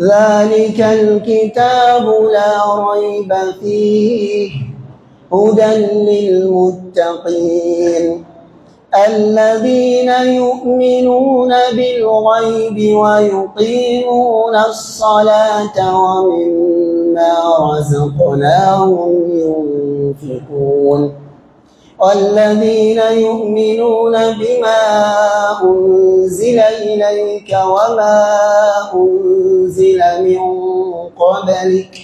ذلك الكتاب لا ريب فيه هدى للمتقين الذين يؤمنون بالغيب ويقيمون الصلاة ومما رزقناهم ينفقون والذين يؤمنون بما أنزل إليك وما أنزل من قبلك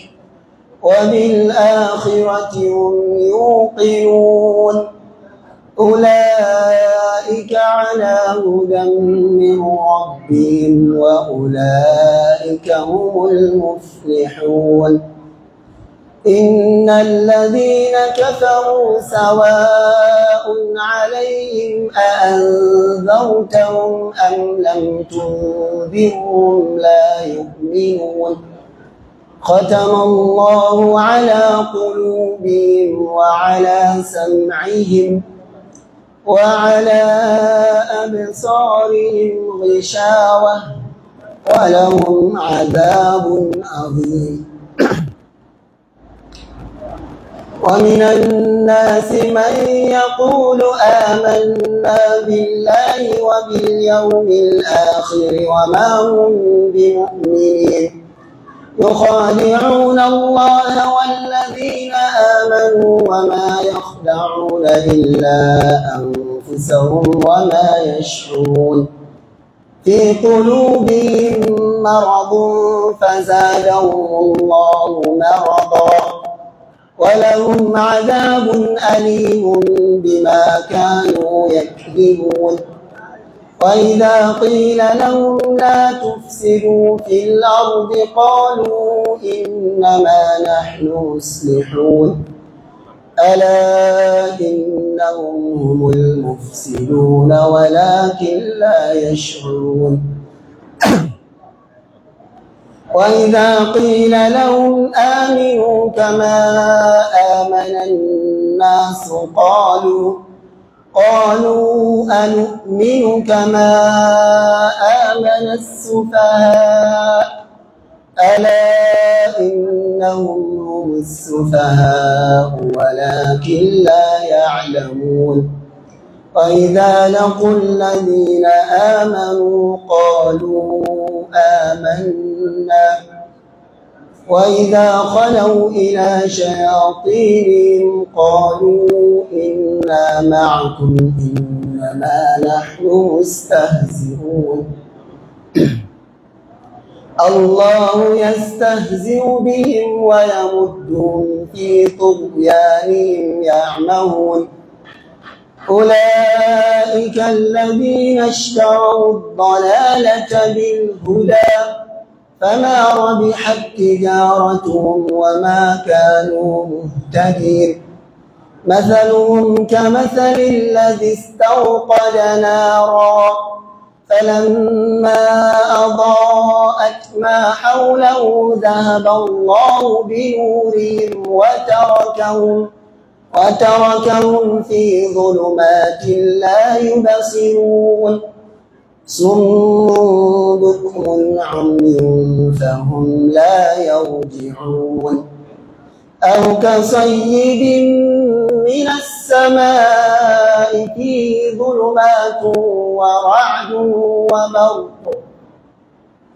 وبالآخرة هم يوقنون أولئك على هدى من ربهم وأولئك هم المفلحون إن الذين كفروا سواء عليهم أأنذرتهم أم لم تنذرهم لا يؤمنون ختم الله على قلوبهم وعلى سمعهم وعلى أبصارهم غشاوة ولهم عذاب عظيم ومن الناس من يقول آمنا بالله وباليوم الآخر وما هم بمؤمنين يخادعون الله والذين آمنوا وما يخدعون إلا أنفسهم وما يشعرون في قلوبهم مرض فزادهم الله مرضا ولهم عذاب أليم بما كانوا يكذبون وإذا قيل لهم لا تفسدوا في الأرض قالوا إنما نحن مصلحون ألا إنهم هم المفسدون ولكن لا يشعرون وإذا قيل لهم آمنوا كما آمن الناس قالوا قالوا أنؤمن كما آمن السفهاء ألا إنهم هم السفهاء ولكن لا يعلمون وإذا لقوا الذين آمنوا قالوا آمنا وإذا خلوا إلى شياطينهم قالوا إنا معكم إنما نحن مستهزئون الله يستهزئ بهم ويمدهم في طغيانهم يعمهون أولئك الذين اشتروا الضلالة بالهدى فما ربحت تجارتهم وما كانوا مهتدين مثلهم كمثل الذي استوقد نارا فلما أضاءت ما حوله ذهب الله بنورهم وتركهم وتركهم في ظلمات لا يبصرون سم بكم عمي فهم لا يرجعون أو كصيب من السماء فيه ظلمات ورعد وبرق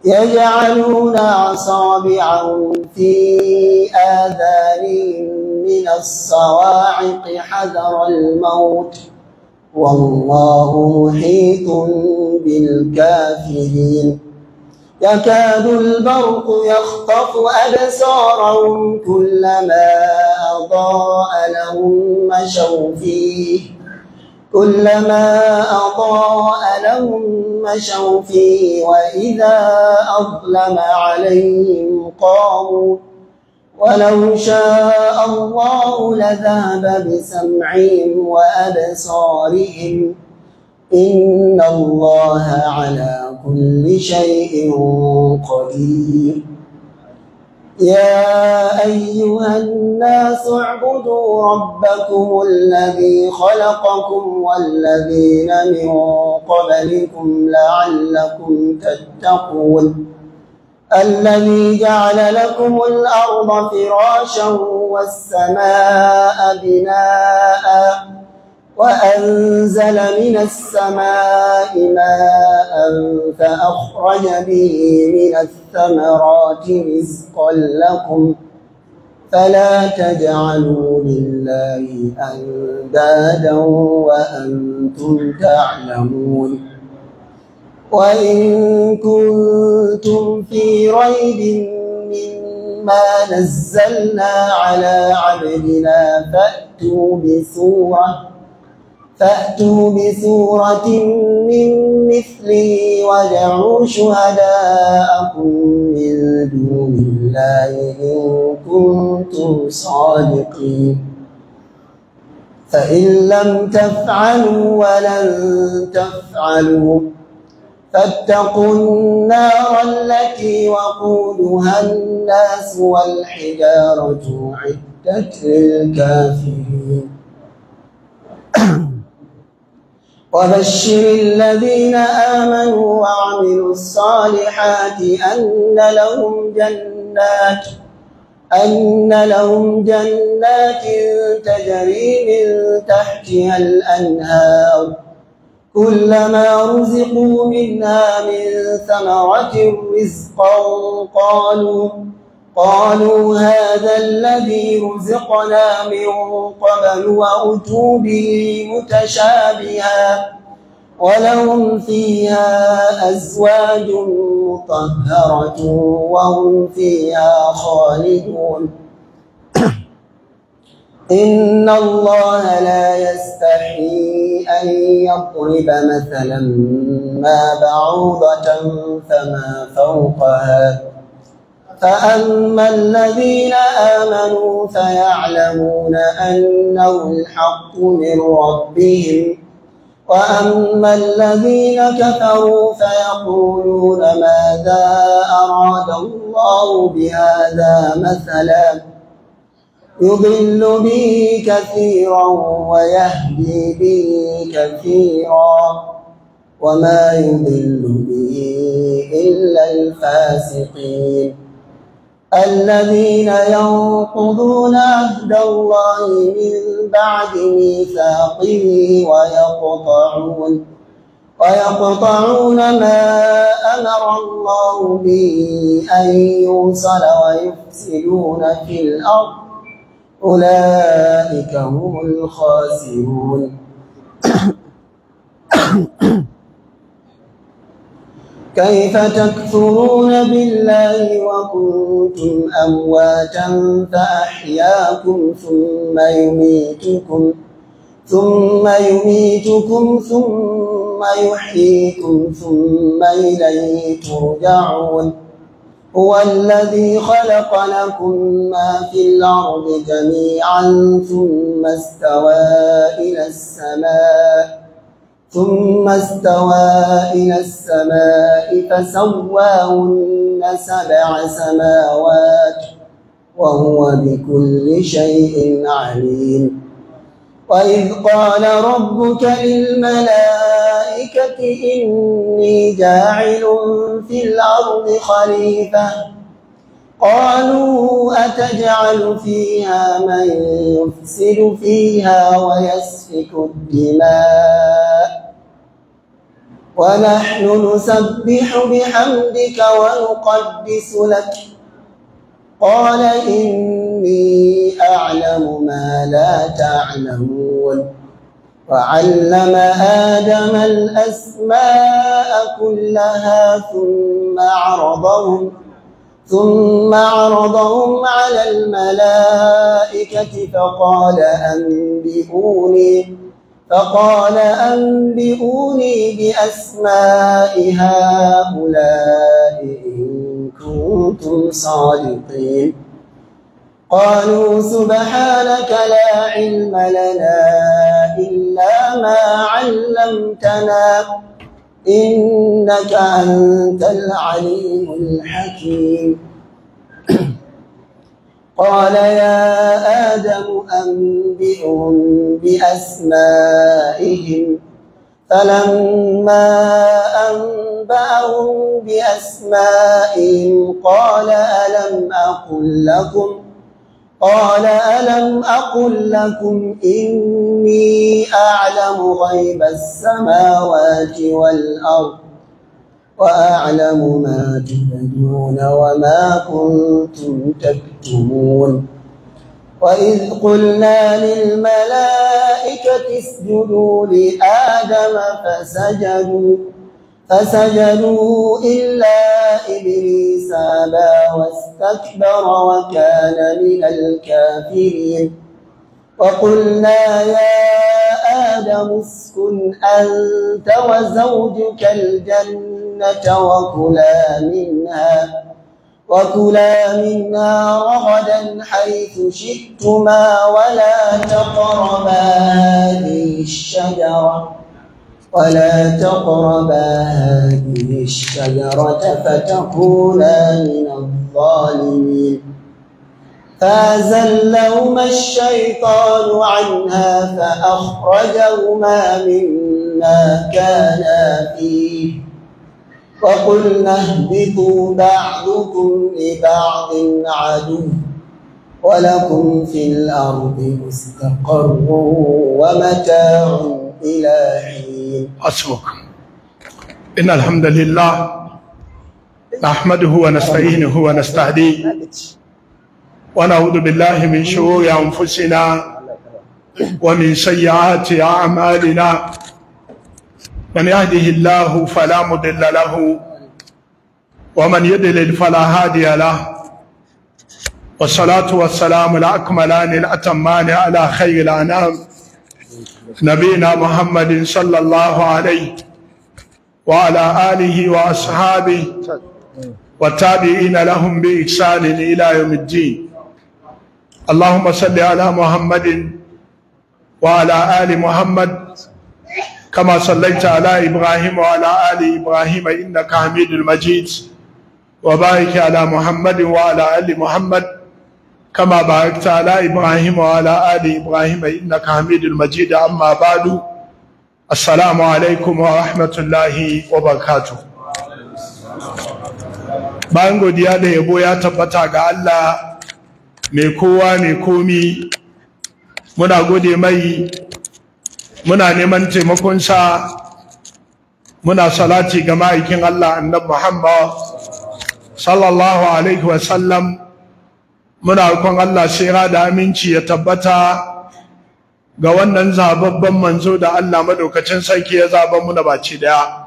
يجعلون أصابعهم في آذانهم من الصواعق حذر الموت والله محيط بالكافرين يكاد البرق يخطف أبصارهم كلما أضاء لهم مشوا فيه كلما أضاء لهم مشوا فيه وإذا أظلم عليهم قاموا ولو شاء الله لذهب بسمعهم وأبصارهم إن الله على كل شيء قدير يا أيها الناس اعبدوا ربكم الذي خلقكم والذين من قبلكم لعلكم تتقون الذي جعل لكم الأرض فراشا والسماء بناء وأنزل من السماء ماء فأخرج به من الثمرات رزقا لكم فلا تجعلوا لله أندادا وأنتم تعلمون وإن كنتم في ريب مما نزلنا على عبدنا فأتوا بسورة فأتوا بسورة من مثله وادعوا شهداءكم من دون الله إن كنتم صادقين فإن لم تفعلوا ولن تفعلوا فاتقوا النار التي وقودها الناس والحجارة عدت للكافرين وبشر الذين آمنوا وعملوا الصالحات أن لهم جنات أن لهم جنات تجري من تحتها الأنهار كلما رزقوا منها من ثمرة رزقا قالوا قالوا هذا الذي رزقنا من قبل وأتوا به متشابها ولهم فيها أزواج مطهرة وهم فيها خالدون إن الله لا يستحي أن يضرب مثلا ما بعوضة فما فوقها فأما الذين آمنوا فيعلمون أنه الحق من ربهم وأما الذين كفروا فيقولون ماذا أراد الله بهذا مثلاً يضل به كثيرا ويهدي به كثيرا وما يضل به إلا الفاسقين الذين ينقضون عهد الله من بعد ميثاقه ويقطعون ويقطعون ما أمر الله به أن يوصل ويفسدون في الأرض أولئك هم الخاسرون كيف تكفرون بالله وكنتم أمواتا فأحياكم ثم يميتكم ثم يميتكم ثم يحييكم ثم إليه ترجعون هو الذي خلق لكم ما في الأرض جميعا ثم استوى إلى السماء ثم استوى إلى السماء فسواهن سبع سماوات وهو بكل شيء عليم وإذ قال ربك للملائكة إني جاعل في الأرض خليفة قالوا أتجعل فيها من يفسد فيها ويسفك الدماء ونحن نسبح بحمدك ونقدس لك قال إني أعلم ما لا تعلمون وعلم آدم الأسماء كلها ثم عرضهم ثم عرضهم على الملائكة فقال أنبئوني فقال أنبئوني بأسماء هؤلاء إن إن كنتم صادقين قالوا سبحانك لا علم لنا إلا ما علمتنا إنك أنت العليم الحكيم قال يا آدم أنبئهم بأسمائهم فلما أنبأهم بأسمائهم قال ألم أقل لكم قال ألم أقل لكم إني أعلم غيب السماوات والأرض وأعلم ما تبدون وما كنتم تكتمون وإذ قلنا للملائكة اسجدوا لآدم فسجدوا فسجدوا إلا إبليس أبى واستكبر وكان من الكافرين وقلنا يا آدم اسكن أنت وزوجك الجنة وكلا منها وكلا منا رغدا حيث شئتما ولا تقربا هذه الشجرة ولا تقربا هذه الشجرة فتكونا من الظالمين فأزلهما الشيطان عنها فأخرجهما مما كانا فيه فقلنا اهبطوا بعضكم لبعض عدو ولكم في الأرض مستقر ومتاع إلى حين حسبك إن الحمد لله نحمده ونستعينه ونستهديه ونعوذ بالله من شرور أنفسنا ومن سيئات أعمالنا من يهده الله فلا مضل له ومن يضلل فلا هادي له والصلاة والسلام الأكملان الأتمان على خير الأنام نبينا محمد صلى الله عليه وعلى آله وأصحابه والتابعين لهم بإحسان إلى يوم الدين اللهم صل على محمد وعلى آل محمد كما صليت على إبراهيم وعلى آل إبراهيم إنك حميد المجيد وبارك على محمد وعلى آل محمد كما باركت على إبراهيم وعلى آل إبراهيم إنك حميد المجيد أما بعد السلام عليكم ورحمة الله وبركاته bango godiya da yabo ya tabbata ga Allah mai kowa mai komi muna gode mai muna neman taimakonsa muna salati ga ma'aikin Allah annab Muhammad sallallahu alaihi wasallam muna kon Allah sai da aminci ya tabbata ga wannan zababban manzo da Allah madaukacin sarki ya zaba muna baci daya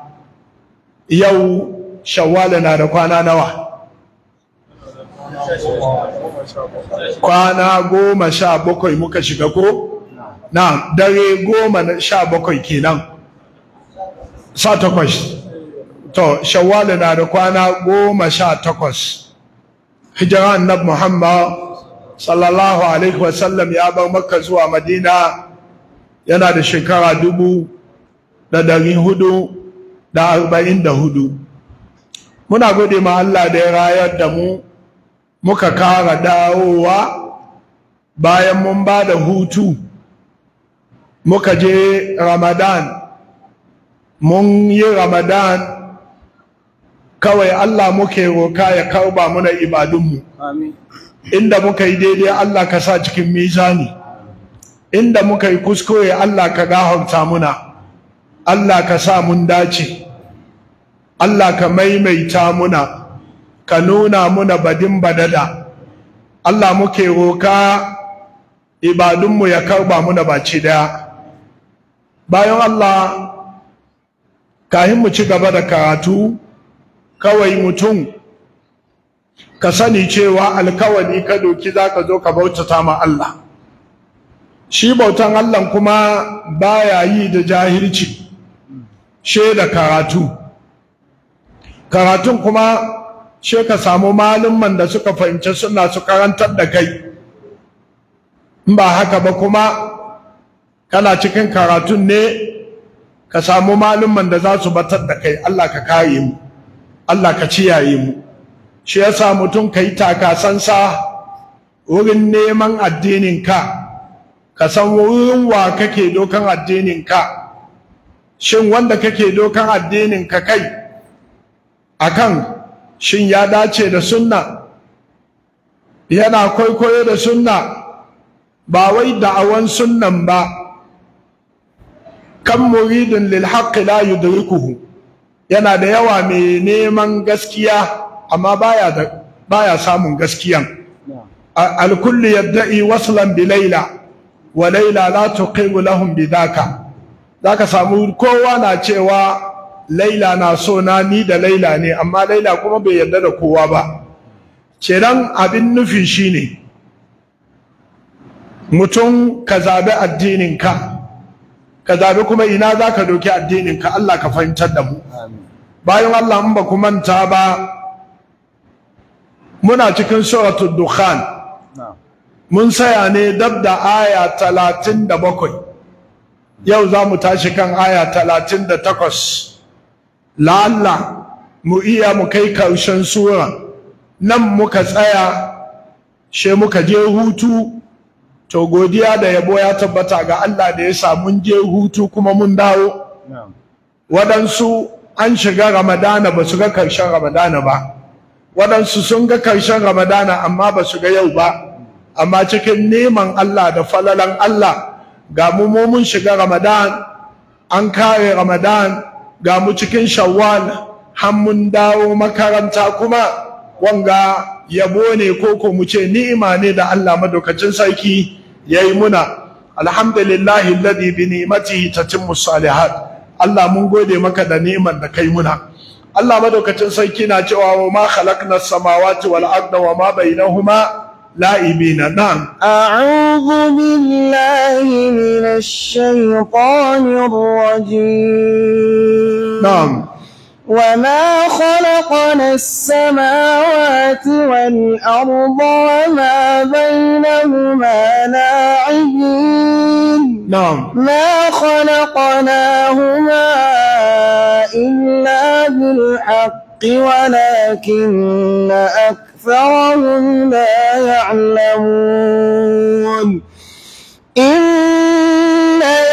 yau shawwal na da kwana nawa kwana goma sha bakwai muka shiga ko na dare goma na sha bakwai kenan sha takwas to shawwal na da kwana goma sha takwas hijira annab muhammad sallallahu alaihi wasallam ya bar makka zuwa madina yana da shekara dubu da dari hudu da arba'in da hudu muna gode ma allah da ya rayar da mu muka kara dawowa bayan mun ba da hutu muka je ramadan mun yi ramadan kawai allah muke roka ya karba muna ibadunmu inda muka yi daidai allah ka sa cikin mizani inda muka yi kuskure allah ka gahauta muna allah ka sa mun dace allah ka maimaita muna ka nuna muna badin badada allah muke roka ibadunmu ya karba muna baci daya bayan Allah kahin mu ci gaba da karatu kawai mutum ka sani cewa alkawali ka doki za ka zo ka bautata ma Allah shi bautan Allah kuma baya yi da jahilci she da karatu karatun kuma she ka samu malumman da suka fahimci suna su karantar da kai ba haka ba kuma kana cikin karatun ne ka samu malumman da za su batar da kai Allah ka kare mu Allah ka ciyaye mu shi yasa mutum ka yi takasansa wurin neman addinin ka ka san wurin wa kake dokan addinin ka shin wanda kake dokan addinin ka kai akan shin ya dace da sunna yana kwaikwayo da sunna ba wai da'awan sunnan ba kan muridin lil haqqi la yudrikuhu yana da yawa mai neman gaskiya amma baya da baya samun gaskiyan al kullu yad'i waslan bi layla wa layla la tuqimu lahum bidaka zaka samu kowa na cewa laila na so na ni da laila ne amma laila kuma bai yarda da kowa ba kenan abin nufi shine mutum ka zabi addininka ka zabi kuma ina za ka doki addinin ka Allah ka fahimtar da mu bayan Allah in ba ku manta ba muna cikin suratul dukhan mun saya ne dab da aya talatin da bakwai yau za mu tashi kan aya talatin da takwas la'alla mu iya mu kai karshen sura nan muka tsaya she muka je hutu to godiya da yabo ya tabbata ga Allah da ya sa mun je hutu kuma mun dawo waɗansu an shiga ramadana ba su ga karshen ramadana ba waɗansu sun ga karshen ramadana amma ba su ga yau ba amma cikin neman Allah da falalan Allah ga mu mun shiga ramadan an kare ramadan ga mu cikin shawwal har mun dawo makaranta kuma wanga yabo ne koko ko mu ce ni'ima ne da Allah madaukacin sarki yayi muna alhamdulillahi alladhi bi ni'matihi tatimmu salihat Allah mun gode maka da ni'man da kai muna Allah madaukacin sarki na cewa wa ma khalaqna samawati wal arda wa ma bainahuma la'ibina na'am a'udhu billahi minash shaitanir rajim na'am وما خلقنا السماوات والأرض وما بينهما لاعبين نعم ما خلقناهما إلا بالحق ولكن أكثرهم لا يعلمون إن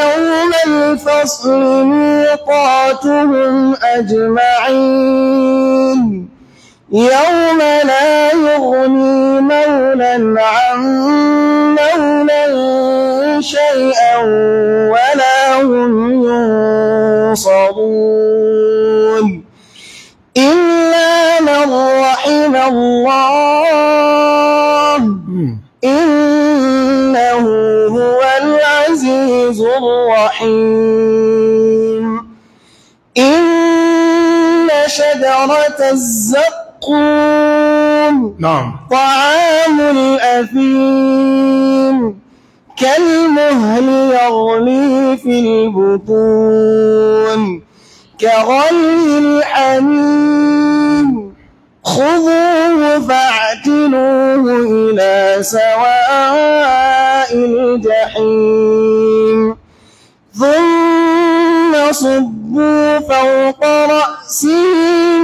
يوم الفصل ميقاتهم أجمعين يوم لا يغني مولا عن مولا شيئا ولا هم ينصرون إلا من رحم الله الرحيم إن شجرة الزقوم نعم طعام الأثيم كالمهل يغلي في البطون كغلي الحميم خذوه فاعتلوه إلى سواء الجحيم فصبوا فوق رأسه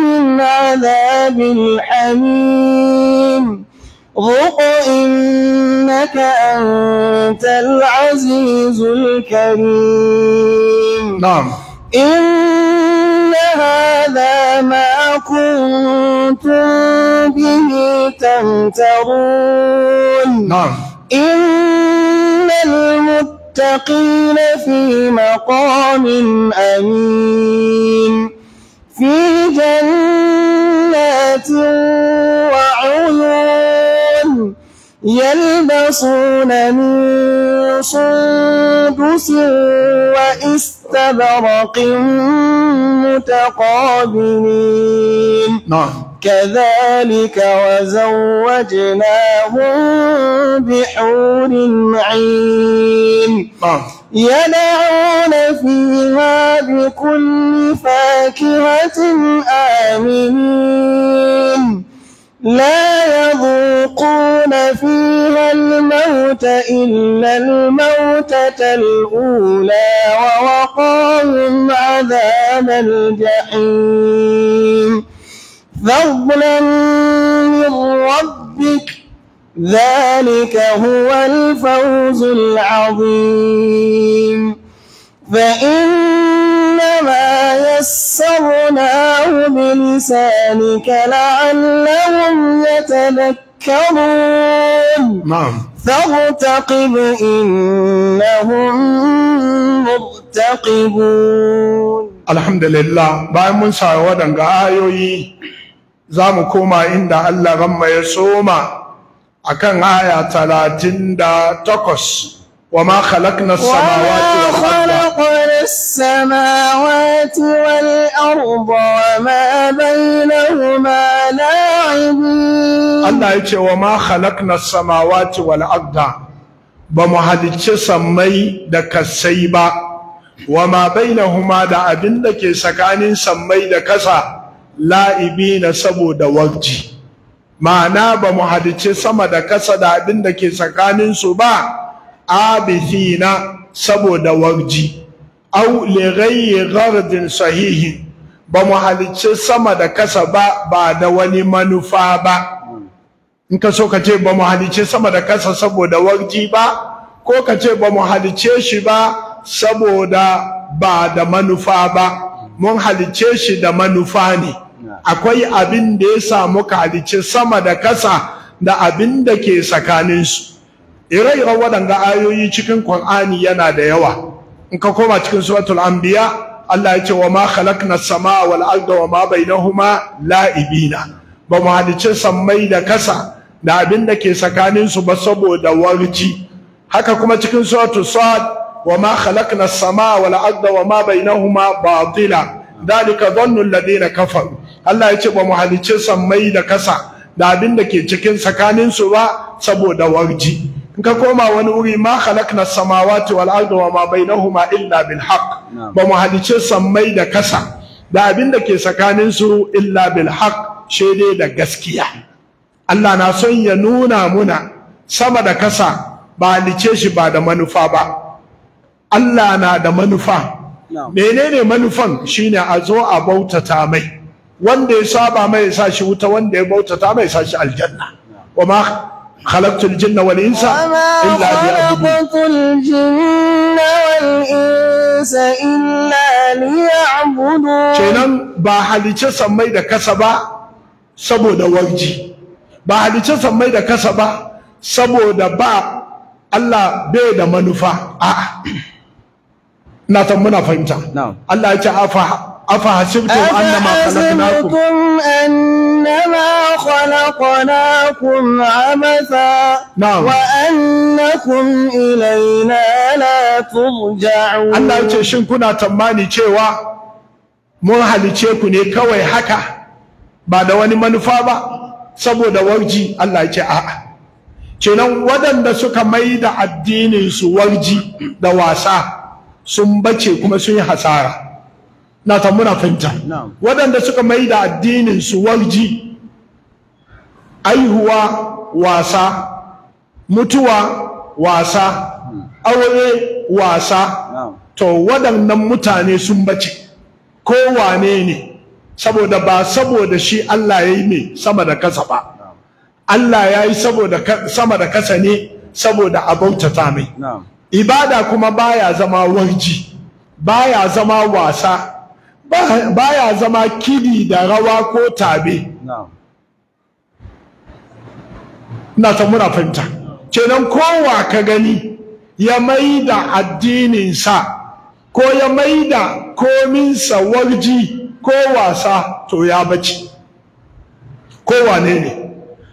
من عذاب الحميم ذق إنك أنت العزيز الكريم نعم إن هذا ما كنتم به تمترون نعم إن المتقين المتقين في مقام أمين في جنات وعيون يلبسون من سندس وإستبرق متقابلين نعم كذلك وزوجناهم بحور عين آه. يدعون فيها بكل فاكهة آمنين لا يذوقون فيها الموت إلا الموتة الأولى ووقاهم عذاب الجحيم فضلا من ربك ذلك هو الفوز العظيم فإنما يسرناه بلسانك لعلهم يتذكرون نعم فارتقب إنهم مرتقبون الحمد لله باي من سعوة ayoyi. za mu koma inda Allah ranma ya soma akan aya talatin da takwas wama khalakna samawati wal arda wama bainahuma la'ibin Allah yace wama khalakna samawati wal arda bamu halicce samai da kasai ba wama huma da abin da ke tsakanin samai da ƙasa. la'ibi na saboda wajji ma'ana ba mu hadice sama da kasa da abin da ke tsakaninsu ba abithina saboda wajji au lighayi ghardin sahihi ba mu halice sama da kasa ba ba da wani manufa ba in ka so ka ce ba mu halice sama da kasa saboda warji ba ko ka ce ba mu halice shi ba saboda ba da manufa ba mun halice shi da manufa ne akwai abin da ya samu kalice sama da kasa da abin da ke tsakaninsu ire-iren waɗanda ayoyi cikin Ƙwan'ani yana da yawa in ka koma cikin suratul anbiya Allah ya ce wa ma khalaqna samaa wal arda wa ma bainahuma la'ibina ba mu halice sammai da kasa da abin da ke tsakanin su ba saboda warci haka kuma cikin suratul sad wa ma khalaqna as-samaa wal arda wa ma bainahuma batila dalika dhannu alladhina kafaru Allah ya ce ba mu halicci sammai da kasa da abin da ke cikin tsakanin su ba saboda warji in ka koma wani wuri ma khalaqna samawati wal arda wa ma bainahuma illa bil haqq ba mu halicci sammai da kasa da abin da ke tsakanin su illa bil haqq shede da gaskiya Allah na son ya nuna muna sama da kasa ba halice shi ba da manufa ba Allah na da manufa menene manufan shine a zo a bautata mai wanda ya saba mai sa shi wuta wanda ya bautata mai sa shi aljanna wa ma khalaqtul jinna wal insa illa liya'budun kenan ba halice sammai da kasa ba saboda warji ba halice sammai da kasa ba saboda ba Allah bai da manufa a'a na tan muna fahimta Allah ya ce afa أفحسبتم أنما خلقناكم أنما خلقناكم عبثا نعم وأنكم إلينا لا ترجعون أنا يتشن كنا تماني تشيوا مرحل تشيكو كوي حكا بعد واني منفابا سبو دورجي الله يتشعى kenan waɗanda suka mai da addininsu warji da wasa sun bace kuma sun hasara na ta muna waɗanda suka mai da addinin su warji aihuwa wasa mutuwa wasa hmm. aure wasa to waɗannan mutane sun bace ko wane ne saboda ba saboda shi Allah ya yi mai sama da kasa ba Allah ya yi sama da kasa ne saboda a bautata mai ibada kuma baya zama warji baya zama wasa baya zama kidi da rawa ko tabe ina ta muna fahimta kenan kowa ka gani ya mai da sa, ko ya mai da kominsa warji ko wasa to ya bace kowa ne ne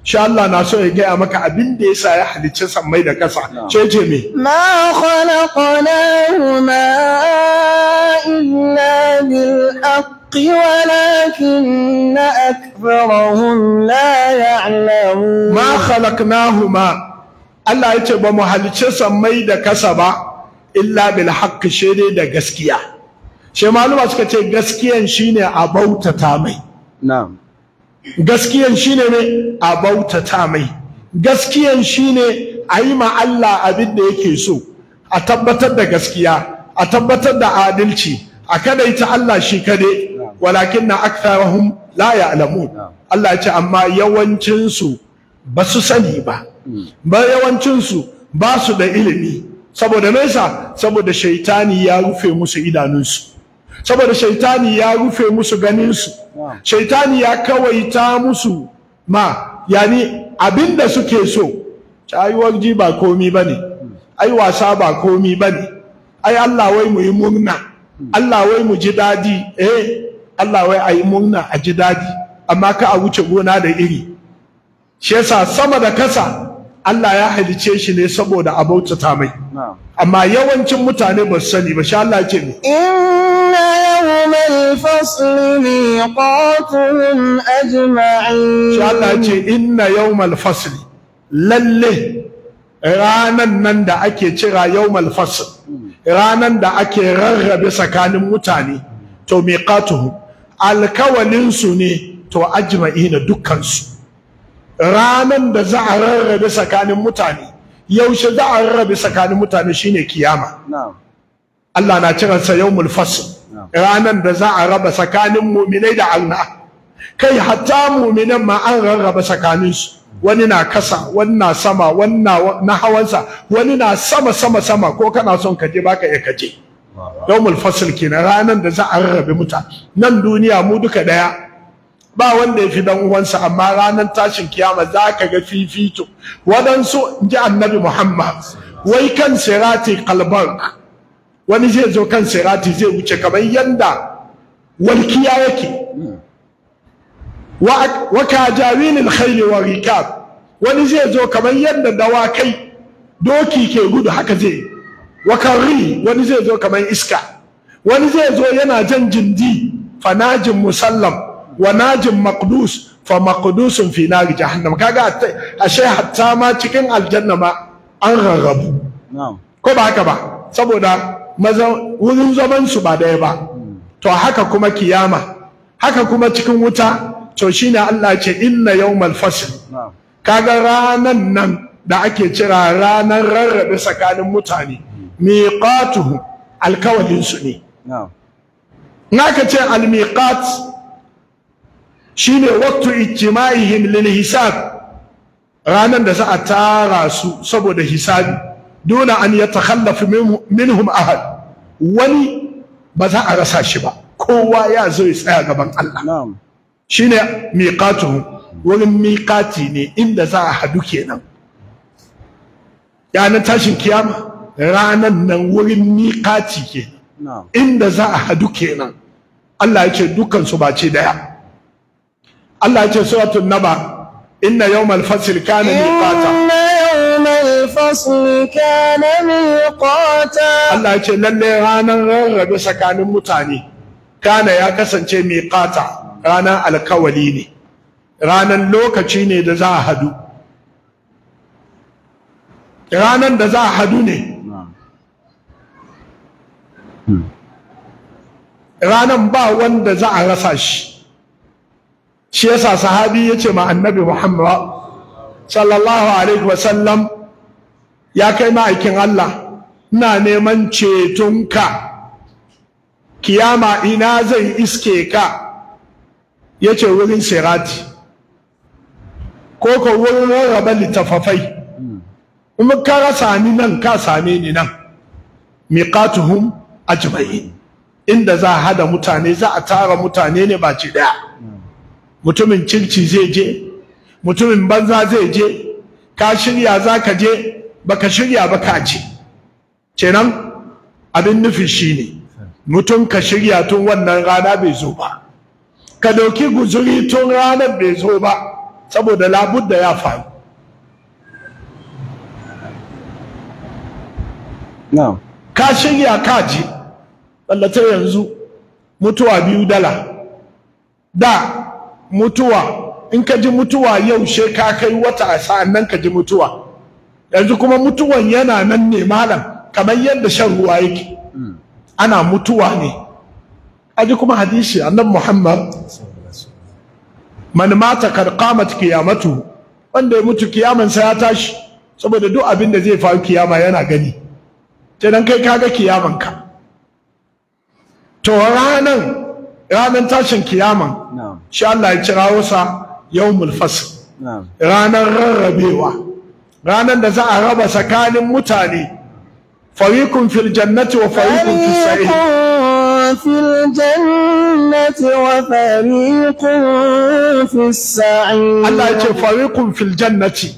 shi Allah na so ya gaya maka abin da sa ya halicci sammai da ƙasa ce ce me ma khalaqnahuma illa bil haqqi walakin aktharahum la ya'lamun ma huma Allah ya ce ba mu halicci sammai da ƙasa ba illa bil haqqi shede da gaskiya she maluma suka ce gaskiyan shine a bautata mai na'am gaskiyan shine ne a bautata mai gaskiyan shine a yi ma Allah abin da yake so a tabbatar da gaskiya a tabbatar da adalci a ta Allah shi kade walakin na aktharahum la ya'lamun Allah ce amma yawancinsu ba su sani ba ba yawancinsu ba su da ilimi saboda nesa saboda shaitani ya rufe musu idanunsu saboda shaitani ya rufe musu ganinsu shaitani ya kawaita musu ma yani abinda suke so ayuwar ji ba komi ba ne ai wasa ba komi ba ne ai Allah wai mu yi murna Allah wai mu ji dadi eh Allah wai a yi murna a ji dadi amma ka a wuce gona da iri shi yasa sama da kasa Allah ya halice shi ne saboda a bautata mai amma yawancin mutane ba su sani ba sha Allah ce ne inna yawmal ne miqatuhum ajma'in sha Allah ce inna mai fasl lalle ranan nan da ake cira mai fasl ranan da ake rarrabe tsakanin mutane to mai alkawalin Alkawalinsu ne to ajma'ina na dukansu ranan da za a rarrabe tsakanin mutane yaushe za a rarrabe tsakanin mutane shine kiyama Allah na kiransa yawmul fasl ranan da za a raba tsakanin muminai da Allah kai hatta muminan ma an rarraba tsakaninsu wani na kasa wani na sama wani na hawansa wani na sama sama sama ko kana son ka je baka iya kaje yawmul fasl kenan ranan da za a rarrabe mutane nan duniya mu duka daya ba wanda ya fi dan uwansa amma ranar tashin kiyama za ka ga fifito waɗansu ji annabi muhammad wai kan sirati kalbank wani zai zo kan sirati zai wuce kamar yanda walkiya yake wa kajarinil khayli wa rikab wani zai zo kamar yadda dawakai doki ke gudu haka zai wa karri wani zai zo kamar iska wani zai zo yana jan jindi fanajin musallam wa najin maqdus fa maqdusun fi nari jahannam kaga ashe hatta ma cikin aljanna ma an rarrabu ko ba haka ba saboda wurin zaman su ba daya ba hmm. to haka kuma kiyama haka kuma cikin wuta to shine Allah ce inna yawmal fasl kaga ranan nan da ake cira ranar rarrabe tsakanin mutane hmm. miqatuhu alkawalin su ne ka ce almiqat shine waqtu ijtima'ihim lil hisab ranan da za a tara su saboda hisabi duna an yatakhallafu minhum ahad wani ba za a rasa shi ba kowa ya zo ya tsaya gaban Allah shine miqatuhum wurin miqati ne inda za a hadu kenan yanar tashin kiyama ranan nan wurin miƙati ke inda za a hadu kenan Allah ya ce dukansu ba ce daya Allah ya ce suratul naba inna yawmal fasl kana miqata inna yawmal fasl kana miqata Allah ya ce lalle ranar rarrabe tsakanin mutane kana ya kasance miqata ranar alkawali ne ranar lokaci ne da za a hadu ranar da za a hadu ne ranar ba wanda za a rasa shi shi yasa sahabi ya ce ma annabi muhammad sallallahu alaihi wasallam ya kai ma'aikin allah ina neman cetonka kiyama ina zai iske ka ya ce wurin sirati ko ka wurin rarraba littafafai kuma ka rasa ni nan ka same ni nan miƙatuhun ajma'in inda za a hada mutane za a tara mutane ne ba ci daya mutumin circi zai je mutumin banza zai je ka shirya za ka je ba ka shirya ba ka ce kenan abin nufi ne mutum ka shirya tun wannan rana bai zo ba ka dauki guzuri tun ranar bai zo ba saboda labudda ya faru ka shirya ka je tsallatar yanzu mutuwa biyu dala da mutuwa in ka ji mutuwa yau she ka kai wata nan ka ji mutuwa yanzu kuma mutuwan yana nan ne malam kamar yadda shan ruwa yake ana mutuwa ne aji kuma a nan Muhammad man mata karqamat kiyamatu wanda ya mutu kiyamansa ya tashi saboda duk abin da zai faru kiyama yana gani sai dan kai kaga kiyamanka to ranan ranar tashin kiyama shi Allah ya kira wasa yawmul fasl ranar rarrabewa ranar da za a raba tsakanin mutane fariqun fil jannati wa fariqun fis sa'ir fil jannati wa fariqun fis sa'ir Allah ya ce fariqun fil jannati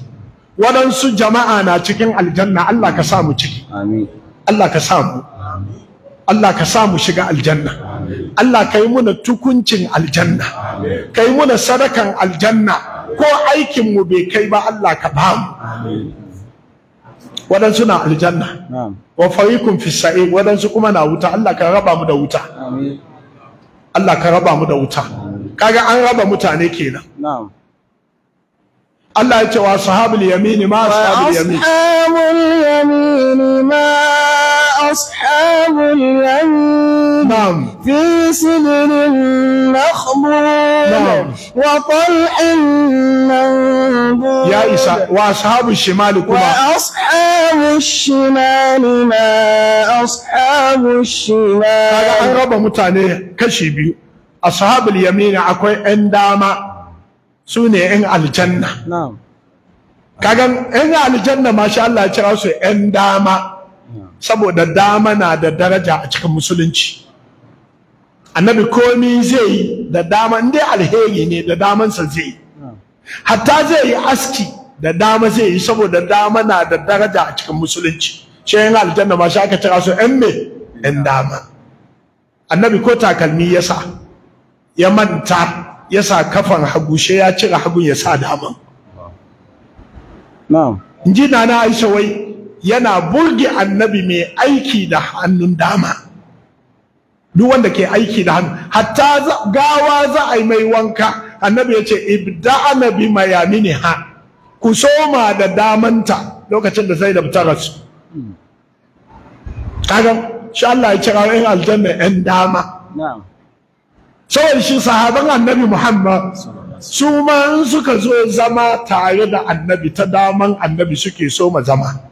wadansu jama'a na cikin aljanna Allah ka samu ciki amin Allah ka samu Allah ka samu shiga aljanna Allah kai muna tukuncin aljanna kai muna sadakan aljanna ko aikin mu bai kai ba Allah ka ba mu waɗansu na aljanna wa fariqun fi sa'i waɗansu kuma na wuta Allah ka raba mu da wuta Allah ka raba mu da wuta kaga an raba mutane kenan Allah ya ce wa sahabul yamini ma sahabul yamini ma أصحاب اليمين نعم في سدر مخبول نعم وطلح منضود يا إسا وأصحاب الشمال كما وأصحاب الشمال ما أصحاب الشمال هذا أن رب متعني كشبي أصحاب اليمين أكوي أنداما سوني إن الجنة نعم kagan أن الجنة ما شاء الله ترى سوني 'yan saboda dama na da daraja a cikin musulunci annabi komi zai yi da dama inda alheri ne da damansa zai yi hatta zai yi aski da dama zai yi saboda dama na da daraja a cikin musulunci shi yin aljanna ma aka kira su yan me yan dama annabi ko takalmi ya sa ya manta ya sa kafan hagu shi ya cire hagun ya sa dama In ji na na aisha wai yana burge annabi mai aiki da hannun dama duk wanda ke aiki da hannu hatta gawa za a yi mai wanka annabi ya ce ibda'ana bi ha? ku soma da damanta lokacin da sai da ta rasu kaga shi Allah ya kira yan aljanna yan dama saboda shi sahaban annabi Muhammad su ma suka zo zama tare da annabi ta daman annabi suke soma zama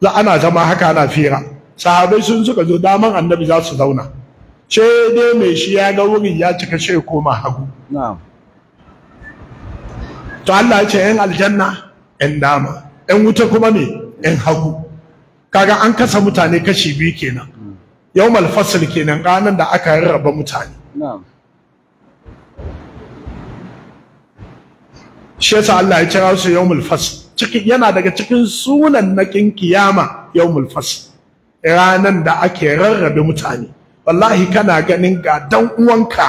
za ana zama haka ana fira sahabai sun suka zo daman annabi za su zauna ce dai mai shi ya ga wurin ya cika ce koma hagu to Allah ce yan aljanna yan dama yan wuta kuma ne yan hagu kaga an kasa mutane kashi biyu kenan yawmal fasl kenan ranar da aka rarraba mutane shi yasa Allah ya kira su yawmal fasl ciki yana daga cikin sunan naƙin kiyama yawmul fasl ranan da ake rarrabe mutane wallahi kana ganin ga dan uwanka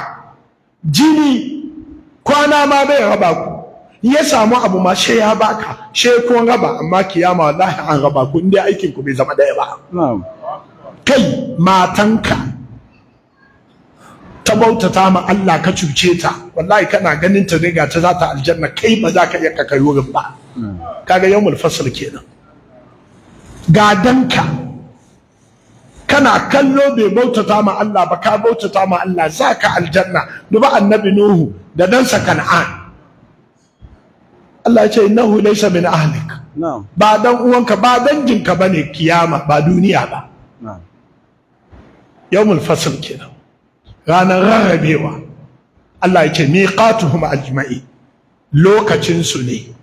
jini kwana ma bai raba ku ya samu abu ma she ya baka she ko raba amma kiyama wallahi an raba ku inda aikin ku bai zama daya ba kai matanka ta bautata ma Allah ka cuce ta wallahi kana ganin ta ne ga ta za ta aljanna kai ba za ka iya ka ba kaga yawmul fasl kenan gadanka kana kallo bai bautata ma Allah ba ka bautata ma Allah zaka aljanna duba annabi nuhu da dansa kan'an Allah ya ce innahu laysa min ahlik ba dan uwanka ba danginka bane kiyama ba duniya ba yawmul fasl kenan ranar rarrabewa Allah ya ce miqatuhum ajma'i lokacin su ne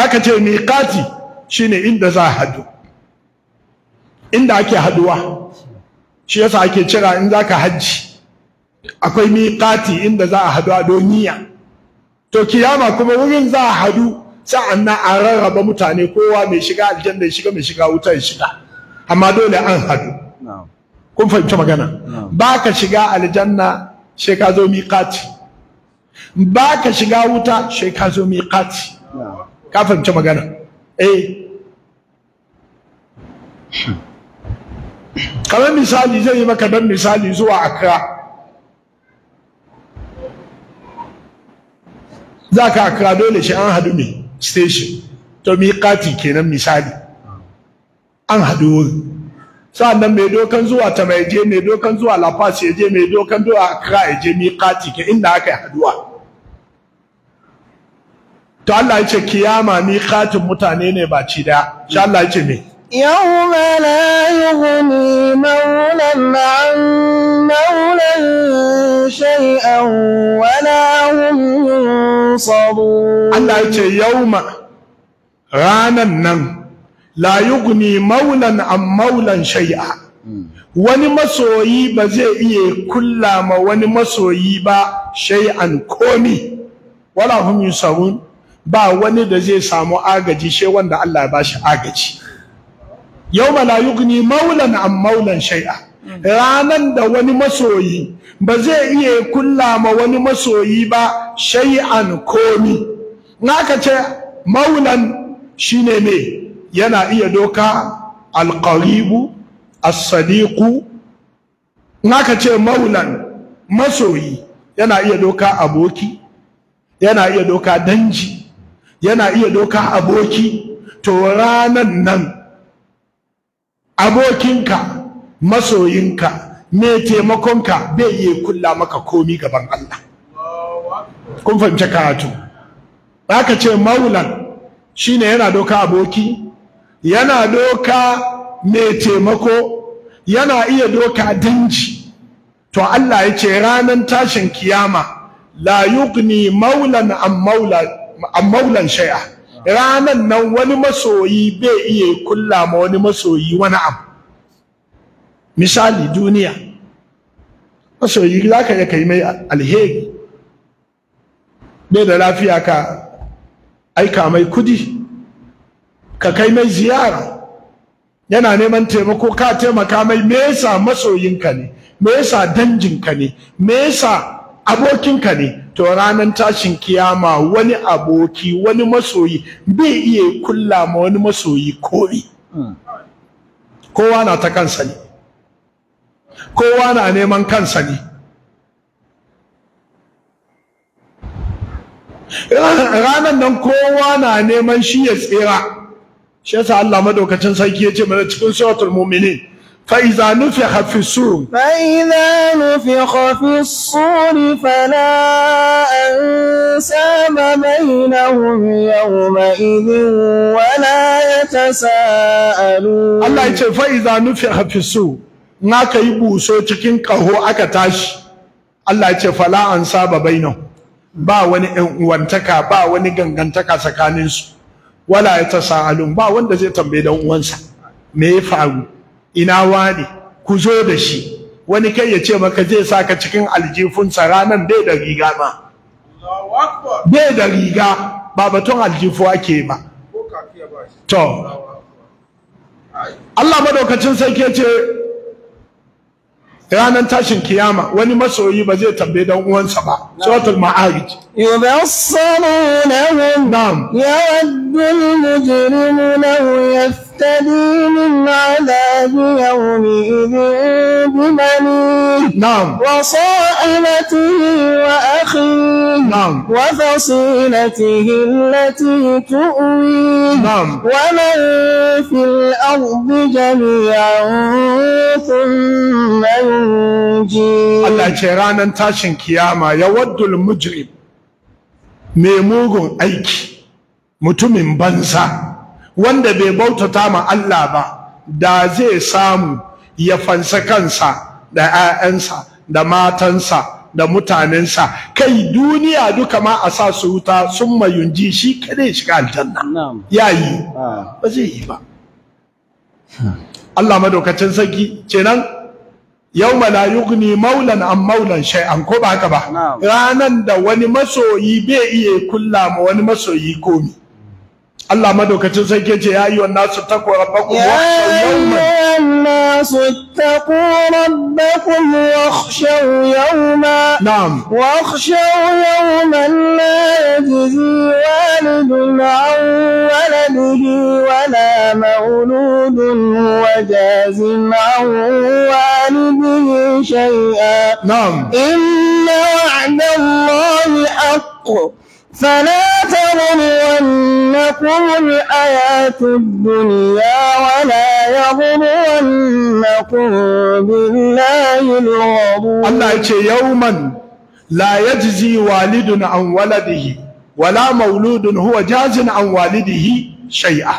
haka ce miƙati shi ne inda za a hadu inda ake haduwa shi yasa ake cira in za ka hajji akwai miƙati inda za a hadu a doniya. to kiyama kuma wurin za a hadu sa'an na a rarraba mutane kowa mai shiga aljanna ya shiga mai shiga wuta ya shiga amma dole an hadu kun fahimci magana ba ka shiga aljanna sai ka zo miƙati. ba ka shiga wuta sai ka zo miƙati. ka fahimci magana eh kamar misali zai yi maka don misali zuwa akra za ka akra dole shi an hadu ne station to miƙati kenan misali an hadu wuri nan mai dokan zuwa ta mai je mai dokan zuwa lafas ya je mai dokan zuwa akra ya je miƙati ke inda aka yi haduwa to Allah ya ce kiyama mutane ne ba ci daya sha Allah yace ce me يوم لا يغني مولا عن مولا شيئا ولا هم ينصرون الله يقول يوم رانا نن لا يغني مولا عن مولا شيئا wani masoyi ba zai iya kulla ma wani masoyi ba shay'an komi wala hum ba wani da zai samu agaji shi wanda Allah ya bashi agaji yawma la yughni maulan an maulan shay'a ranan da wani masoyi ba zai iya kulla ma wani masoyi ba shay'an komi naka ce maulan shine me yana iya doka alqaribu as-sadiqu naka ce maulan masoyi yana iya doka aboki yana iya doka danji yana iya doka aboki to ranan nan abokinka masoyinka mai taimakonka bai iya kula maka komi gaban Allah kun fahimci karatu aka ce maulan shine yana doka aboki yana doka mai taimako yana iya doka danji to Allah ya ce ranan tashin kiyama la yugni maulan an maulan maulan shay'a ranan nan wani masoyi bai iya kulla ma wani masoyi wani abu misali duniya masoyi za ka kai mai alheri bai da lafiya ka aika mai kudi ka kai mai ziyara yana neman taimako ka taimaka mai mesa yasa masoyinka ne mesa yasa danjinka ne mesa. abokinka ne to ranar tashin kiyama wani aboki wani masoyi bai iya kulla ma wani masoyi kori hmm. kowa na ta kansa ne kowa na neman kansa ne ranar nan kowa na neman shi ya tsira shi yasa Allah madaukacin sarki ya ce mana cikin suratul mu'minin فإذا نفخ في الصور فإذا نفخ في الصور فلا أنساب بينهم يومئذ ولا يتساءلون الله يقول فإذا نفخ في الصور ناك يبو سوتكين قهو أكتاش الله يقول فلا أنساب بينهم با وني وانتكا با وني غنغنتكا سكانينسو ولا يتساءلون با وند زي تنبيه دان uwansa ina wani ku zo da shi wani kai ya ce maka zai saka cikin aljifunsa ranan bai da riga ma bai da riga ba batun aljifu ake ba to Allah madaukacin sarki ya ce ranar tashin kiyama wani masoyi ba zai tambaye dan uwansa ba suratul ma'arij yubassirunahum na'am yawaddul mujrimu law دليل العذاب يومئذ بمنيه نعم وصائلته وأخيه نعم وفصيلته التي تؤويه نعم ومن في الأرض جميعا ثم ينجيه الله جيرانا تاشن كياما يود المجرم ميموغ أيك متمن بنسا wanda bai bautata ma Allah ba da zai samu ya fansa kansa da 'ya'yansa da matansa da mutanensa kai duniya duka ma a sa su wuta sun mayunji shi kadai shiga aljanna ya yi ah. ba zai yi ba Allah madaukacin sarki kenan yawma la yughni maulan an maulan shay'an ko ba haka ba ranan da wani masoyi bai iya kulla ma wani masoyi komi Allah madaukacin يا أيها الناس اتقوا ربكم واخشوا يوما يا أيها الناس اتقوا ربكم واخشوا يوما نعم واخشوا يوما لا يجزي والد عن ولده ولا مولود وجاز عن والده شيئا نعم إن وعد الله حق فلا تغرنكم الآيات الدنيا ولا يغرنكم بالله الغرور الله يقول يوما لا يجزي والد عن ولده ولا مولود هو جاز عن والده شيئا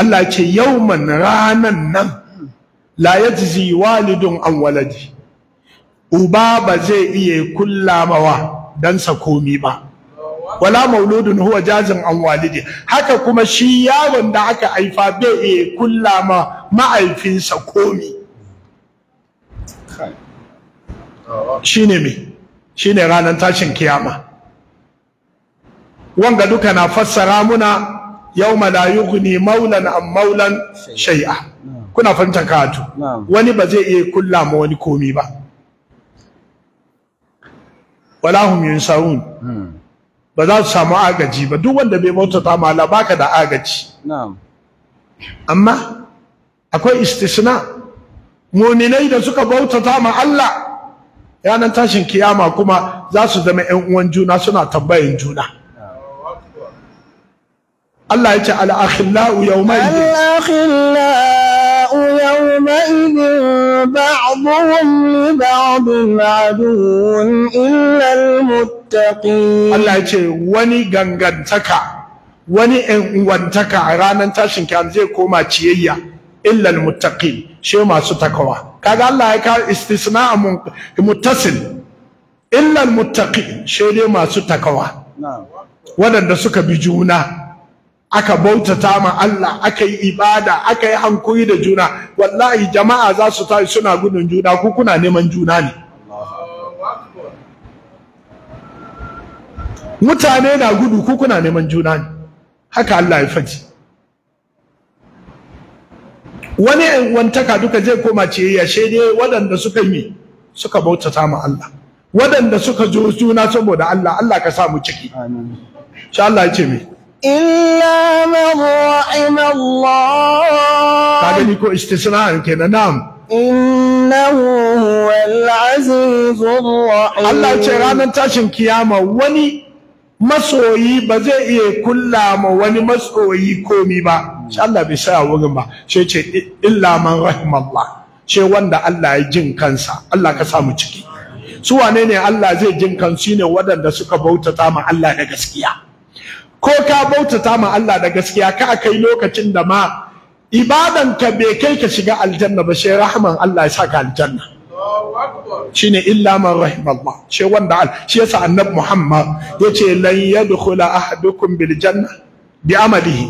الله يقول يوما رانا لا يجزي والد عن ولده uba ba zai iya kullamawa dan sa komi ba wala mauludun huwa jazin an walidi haka kuma shi yaron da aka haifa bai iya kulla ma ma'aifinsa komi shine me shine ranar tashin kiyama wanga duka na fassara muna yawma la yughni maulan am maulan shay'a kuna fahimtar karatu wani ba zai iya kulla ma wani komi ba wala hum yunsarun hmm. ba za su samu agaji ba duk wanda bai bautata ma Allah baka da agaji na'am amma akwai istisna muminai da suka bautata ma Allah ranar tashin kiyama kuma za su zama ƴan uwan juna suna tambayin juna Allah ya ce al-akhillau yawma يومئذ بعضهم لبعض عدو إلا المتقين Allah ya ce wani gangantaka wani ɗan uwantaka ranar tashin kyan zai koma ciyayya illal muttaqin shi masu takawa kaga Allah ya kawo istisna muttasil illal muttaqin shi dai masu takawa waɗanda suka bi juna aka bautata ma Allah aka yi ibada aka yi hankuri da juna wallahi jama'a za su tashi suna gudun juna ku kuna neman juna ne mutane na gudu ko kuna neman juna ne haka Allah ya faji wani yan wantaka duka zai koma ce ya shaidai waɗanda suka yi suka bautata mu Allah waɗanda suka zo juna saboda Allah Allah ka sa mu ciki amin Allah ya ce me illa man rahima Allah ka gani ko istisna na nam innahu huwal azizur rahim Allah ce ranar tashin kiyama wani masoyi ba zai iya kulla ma wani masoyi komi ba shi Allah bai sa wurin ba shi ce illa man rahimallah ce wanda Allah ya jin kansa Allah ka samu ciki su wane ne Allah zai jin kansu ne waɗanda suka bautata ma Allah da gaskiya ko ka bautata ma Allah da gaskiya ka kai lokacin da ma ibadanka bai kai ka shiga aljanna ba sai rahman Allah ya saka aljanna shine illa man rahimallah ce wanda shi yasa annabi Muhammad yace lan yadkhula ahadukum bil janna bi amalihi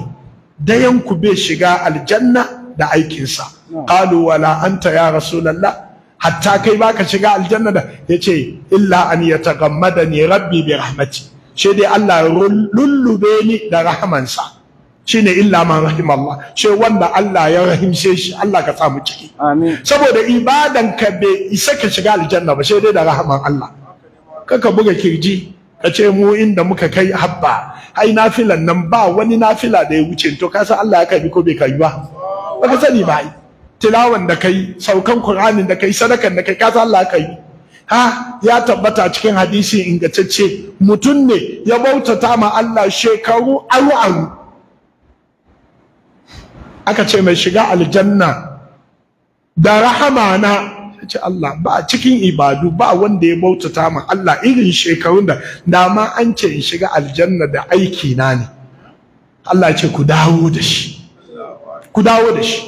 dayan ku be shiga aljanna da aikinsa qalu wala anta ya rasulullah hatta kai baka shiga aljanna da yace illa an yatagammadani rabbi bi rahmati shi dai Allah lullube ni da rahmansa shine illa man rahim Allah wanda Allah ya rahimshe shi Allah ka samu ciki amin saboda ibadan ka bai isa ka shiga aljanna ba sai dai da rahaman Allah kaka buga kirji ka ce mu inda muka kai habba ai nafilan nan ba wani nafila da ya wuce to ka san Allah ya karbi ko bai karbi ba baka sani ba tilawan da kai saukan qur'anin da kai sadakan da kai ka san Allah ya karbi ha ya tabbata cikin hadisi ingantacce mutum ne ya bautata ma Allah shekaru aru aru aka ce mai shiga aljanna da rahama na ce Allah ba cikin ibadu ba wanda ya bautata ma Allah irin shekarun da dama an ce in shiga aljanna da aiki na ne Allah ce ku dawo da shi ku dawo da shi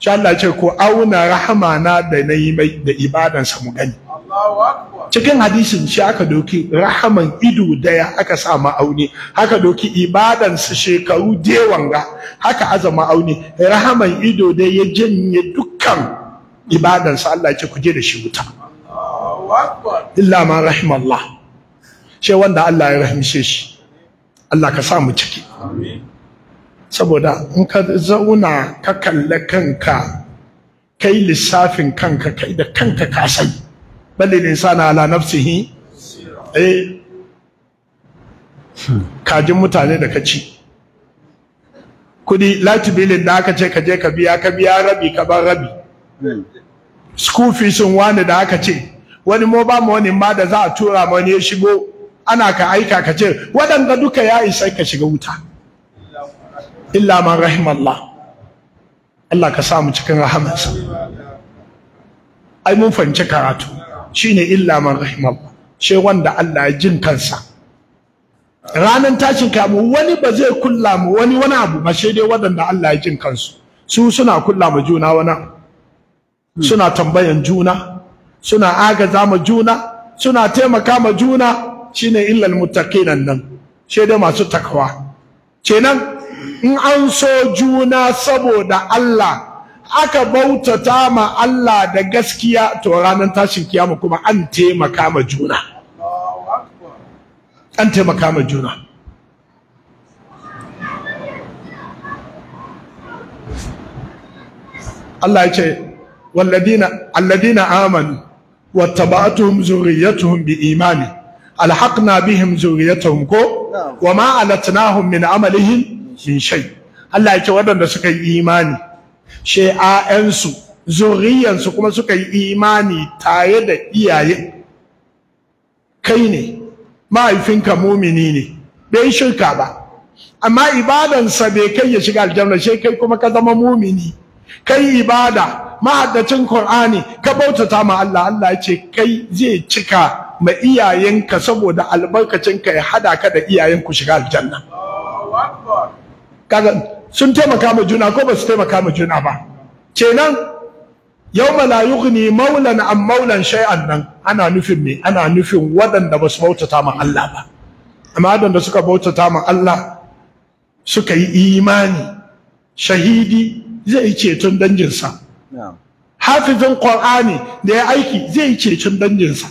sha Allah ce ku auna rahama na da na yi mai da ibadansa mu gani cikin hadisin shi aka doki rahaman ido daya aka sa ma'auni haka doki ibadan su shekaru dewanga haka azama auni rahaman ido da ya janye dukkan ibadan su Allah ce kuje da shi wuta illa ma rahimallah shi wanda Allah ya rahimshe shi Allah ka sa mu ciki saboda in ka zauna ka kalle kanka kai lissafin kanka kai da kanka ka sani sa linsana ala nafsihi eh kajin mutane da kaci kudi latibilin da aka ce ka je ka biya ka biya rabi ka bar rabi school fees sun wani da aka ce wani mu wani ma da za a tura ma wani ya shigo ana ka aika ka ce waɗanda duka ya isa ka shiga wuta illa man rahimallah Allah ka sa mu cikin rahamansa ai mun fanci karatu Shi ne man rahimallah ce wanda Allah ya jin kansa ranan tashin kamu wani ba zai kulla mu wani wani abu ba sai dai wadanda Allah ya jin kansu su suna kulla mu juna wani hmm. suna tambayan juna suna agaza ma juna suna taimaka ma juna ne illal muttaqinan nan sai dai masu takawa kenan in an so juna saboda Allah aka bautata ma Allah da gaskiya to ranar tashin kiyama kuma an taimaka ma juna an taimaka ma juna Allah ya ce walladina alladina amanu wattaba'atuhum zurriyyatuhum biimani alhaqna bihim zurriyyatuhum ko wa alatnahum min amalihim min shay Allah ya ce waɗanda suka yi imani she'a'yansu zuriyansu kuma suka yi imani tare da iyaye kai ne mahaifinka mumini ne bai shirka ba amma ibadansa bai kai ya shiga aljanna sai kai kuma ka zama mumini kai ibada mahaddacin qur'ani ka bautata ma Allah Allah ya ce kai zai cika ma iyayenka saboda albarkacinka ya hada ka da iyayenku shiga aljanna sun taimaka ma juna ko ba su taimaka ma juna ba kenan yau la yughni maulan an maulan shay'an nan ana nufin me ana nufin waɗanda ba su bautata ma Allah ba amma waɗanda suka bautata ma Allah suka yi imani shahidi zai yi ceton danjinsa hafizin qur'ani da ya aiki zai yi ceton danjinsa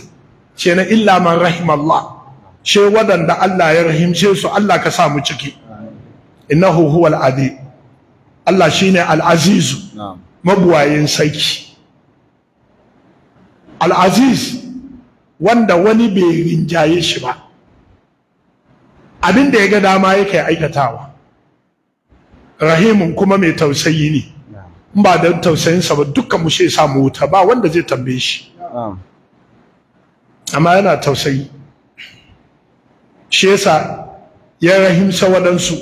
kenan illa man rahimallah she waɗanda Allah ya rahimce su Allah ka sa mu ciki innahu huwal azim Allah shine al mabuwayin sarki al wanda wani bai rinjaye shi ba Abinda ya ga dama yake aikatawa rahimun kuma mai tausayi ne in ba da tausayinsa ba dukkan mu sa mu wuta ba wanda zai tambaye shi amma yana tausayi shi yasa ya rahimsa waɗansu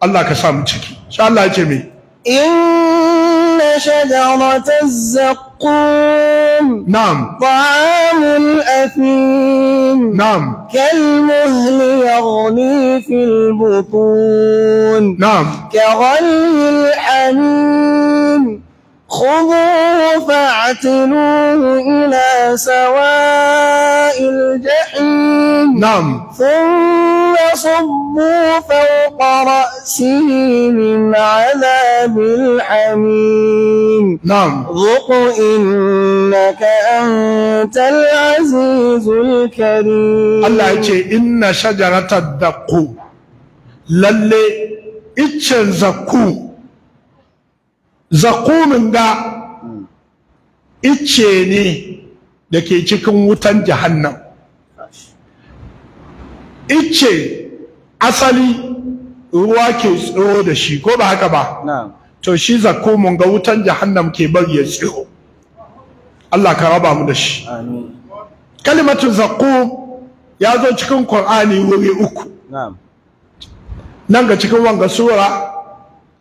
Allah ka sa mu ciki sai Allah ya ce me inna shajarataz zaqqum na'am ta'amul athim na'am كالمهل fil في Na'am. Ka كغلي الحميم خذوه فاعتلوه إلى سواء الجحيم نعم ثم صبوا فوق رأسه من عذاب الحميم نعم ذق إنك أنت العزيز الكريم الله يقول إن شجرة الدق للي إتشن زقو zakumin ga ice ne da ke cikin wutan jahannan? ice asali ruwa ke tsoro da shi ko ba haka ba to shi zakumin ga wutan jahannam ke bari ya tsoro Allah ka raba mu da shi kalimatu zakum ya zo cikin kur'ani wuri uku nan ga cikin wanga sura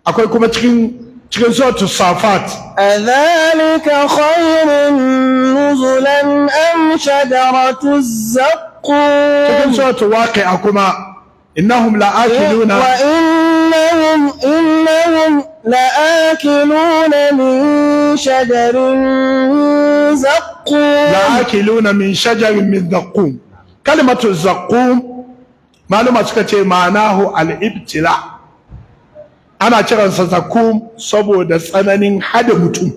akwai kuma cikin cikin suratul safat أذلك خير نزلا أم شجرة الزقوم؟ تكن واقع أكما إنهم لآكلون وإنهم إنهم لآكلون من شجر زقوم لآكلون من شجر من زقوم كلمة الزقوم معلومة كتير معناه الإبتلاء ana kiransa zakum saboda tsananin hada mutum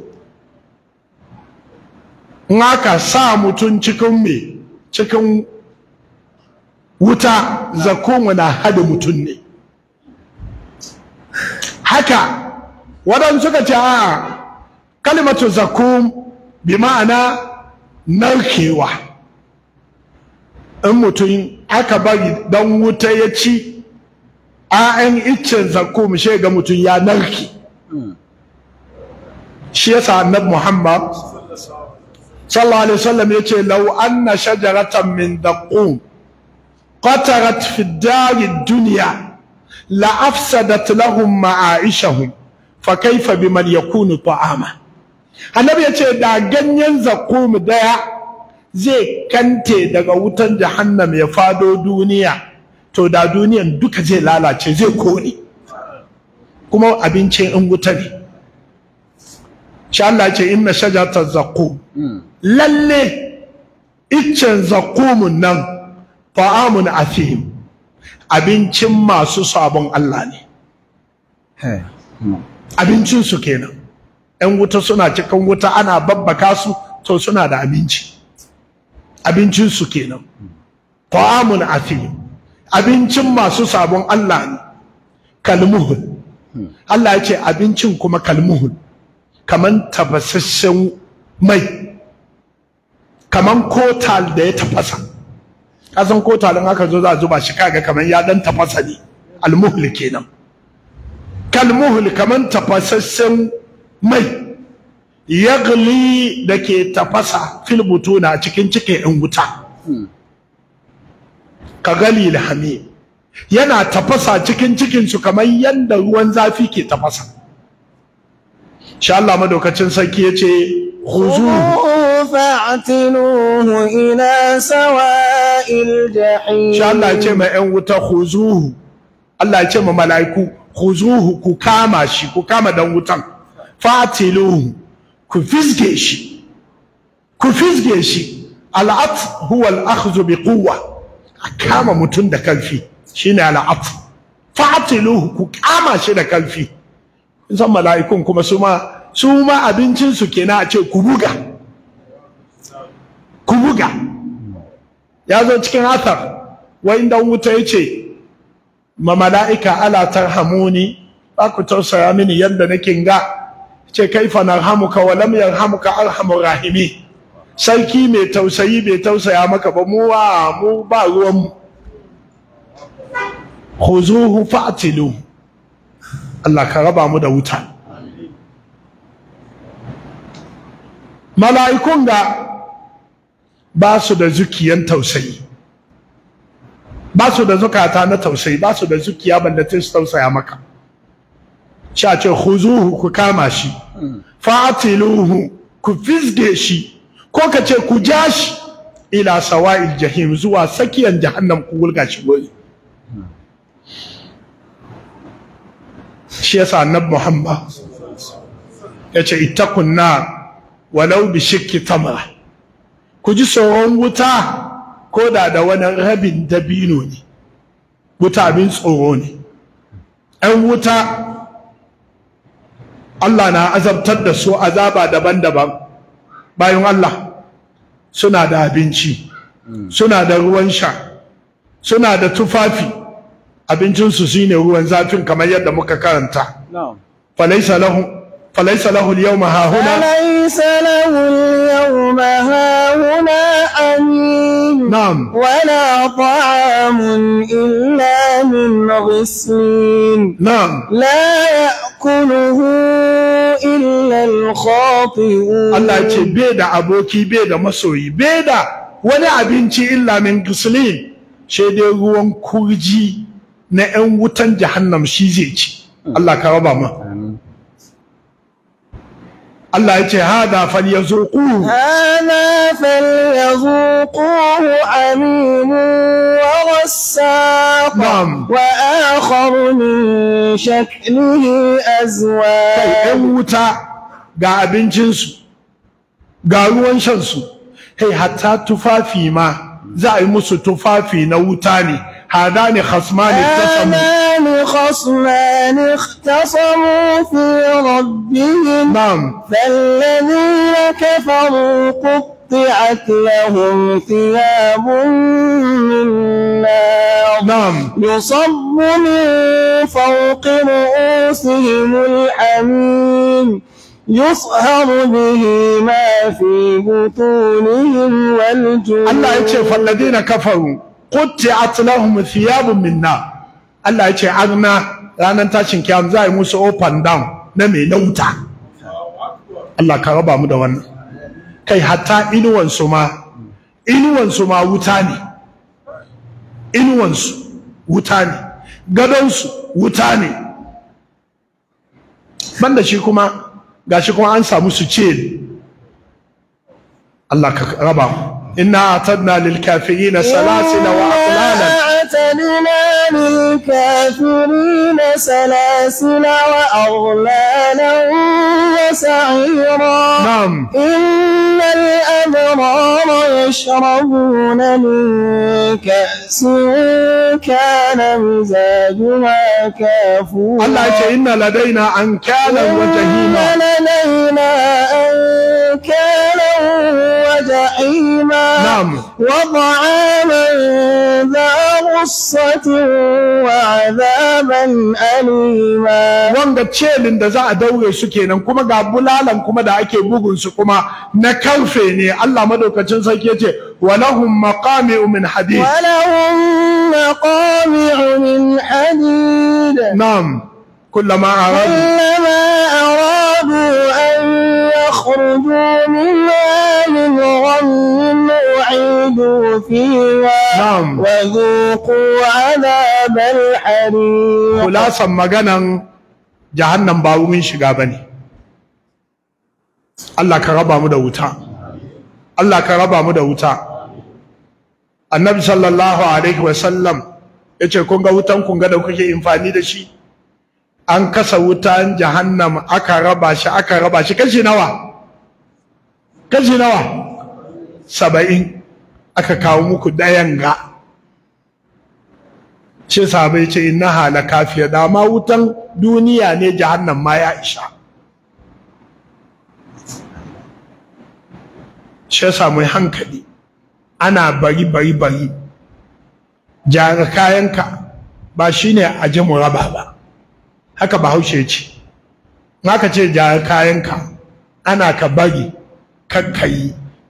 in aka sa mutum cikin me cikin wuta zakum na hada mutum ne haka waɗansu suka ce a kalimatu zakum bi ma'ana narkewa in mutum aka bari dan wuta ya ci 'ya'yan iccen zakkum she ga mutum ya narki hmm. shi yasa annab muhammad sallallahu alaihi wasallam yace law anna shajaratan min daqum qatarat fi dari dunya la afsadat lahum ma'aishahum fa kaifa biman yakunu ta'ama annabi yace da ganyen zakum daya zai kante daga wutan jahannam ya fado duniya to da duniyan duka zai lalace zai kone kuma abincin in wuta ne shi Allah ce inna shajata zakum lalle iccen zakumun nan ta'amun afihim abincin masu sabon Allah ne hmm. abincin su kenan yan wuta suna cikin wuta ana babbaka su to suna da abinci abincin su kenan hmm. ta'amun afihim abincin masu sabon Allah ne kalmuhun Allah ya ce abincin kuma kalmuhun kaman tafasasshen mai kaman kotal da ya tafasa kasan kotalin aka zo za a zuba shi kaga kaman ya dan tafasa ne almuhul kenan kalmuhul kaman tafasasshen mai yagli da ke tafasa filbutuna cikin cike ɗan wuta hmm. ka gali hamim yana tafasa cikin cikinsu kamar yadda ruwan zafi ke tafasa sha Allah madaukacin sarki ya ce huzu fa'tinuhu ila sawa'il jahim sha Allah ya ce ma ƴan wuta huzuhu Allah ya ce ma mala'iku huzuhu ku kama shi ku kama dan wutan fa'tiluhu ku fizge shi ku fizge shi al'at huwa al-akhdhu bi quwwah a kama mutum da kalfi shine al'afu fa'tiluhu ku kama shi da kalfi san mala'ikun kuma su ma su ma abincin su kenan a ce ku buga ku buga ya zo cikin athar wai dan wuta yace ma mala'ika ala tarhamuni ba ku tausaya mini yadda nake ga ce kaifa narhamuka wa lam yarhamuka arhamur rahimi sarki mai tausayi bai tausaya maka ba mu wa mu ba ruwanmu khuzuhu fa'tilu Allah ka raba mu da wuta mala'ikun ga ba su da zukiyan tausayi ba su da zukata na tausayi ba su da zukiya bandatin su tausaya maka sha ce khuzuhu ku kama shi fa'tiluhu ku fizge shi ko ka ce ku ja shi ila sawa'il jahim zuwa tsakiyar jahannam ku wulga shi goyi shi yasa annab muhammad ya ce ittaqun nar walau bi shikki tamra ku ji tsoron wuta ko da da wani rabin dabino ne wuta abin tsoro ne ‘yan wuta Allah na azabtar da su azaba daban-daban bayan Allah suna da abinci suna da ruwan sha suna da tufafi abincinsu ne ruwan zafin kamar yadda muka karanta falaisa lahum فليس mahahuna اليوم هاهنا فليس له اليوم هاهنا أمين نعم ولا طعام إلا من يأكله إلا الخاطئون الله يقول بيدا أبوكي بيدا مسوي بيدا ولا أبنتي إلا من قسلين شهده يقول كورجي na 'yan wutan jahannam shi zai ci Allah ya ce hada falyazuqu hada falyazuquhu amim wa rassaq wa akhar min shaklihi azwaj kai wuta ga abincinsu ga ruwan shansu kai hatta tufafi ma za a yi musu tufafi na wuta ne hada ne khasmani tasamu كان خصمان اختصموا في ربهم نعم فالذين كفروا قطعت لهم ثياب من نار نعم يصب من فوق رؤوسهم الحميم يصهر به ما في بطونهم والجنود الله يكشف الذين كفروا قطعت لهم ثياب من نار Allah ya ce agna ranar tashin kiyam za a yi musu open down na mai wuta Allah ka raba mu da wannan kai hatta inuwansu ma inuwansu ma wuta ne inuwansu wuta ne gadonsu wuta ne banda shi kuma gashi kuma an samu su ce Allah ka raba mu inna atadna lil kafirin salasila wa aqlala وأعتدنا للكافرين سلاسل وأغلالا وسعيرا نعم إن الأبرار يشربون من كأس كان مزاجها كافورا الله إن لدينا أنكالا وجهيما إن لدينا أنكالا وجحيما نعم وطعاما ذا غصة وعذابا أليما wanga celin da za a daure su kenan kuma ga bulalan kuma da ake bugun su kuma na karfe ne Allah madaukacin sarki yace walahum maqami'u min hadid walahum maqami'u min hadid na'am kullama aradu kullama aradu أخرجوا منها من غي أعيدوا فيها نعم وذوقوا عذاب الحريق خلاصا مغنى جهنم باومين شغابني Allah ka raba mu da wuta Allah ka raba mu da wuta Annabi sallallahu alaihi yace kun ga wutan kun ga da kuke imfani da shi an kasa wutan jahannam aka raba shi aka raba shi kashi nawa kashi nawa saba'in aka kawo muku ɗayan ga ce sabai ce na hala kafiya Dama wutan duniya ne jihannan ma ya isha ce samu hankali ana bari bari bari jara kayanka ba shine a ji muraba ba haka bahaushe ce Maka ce jara kayanka ana ka bari ka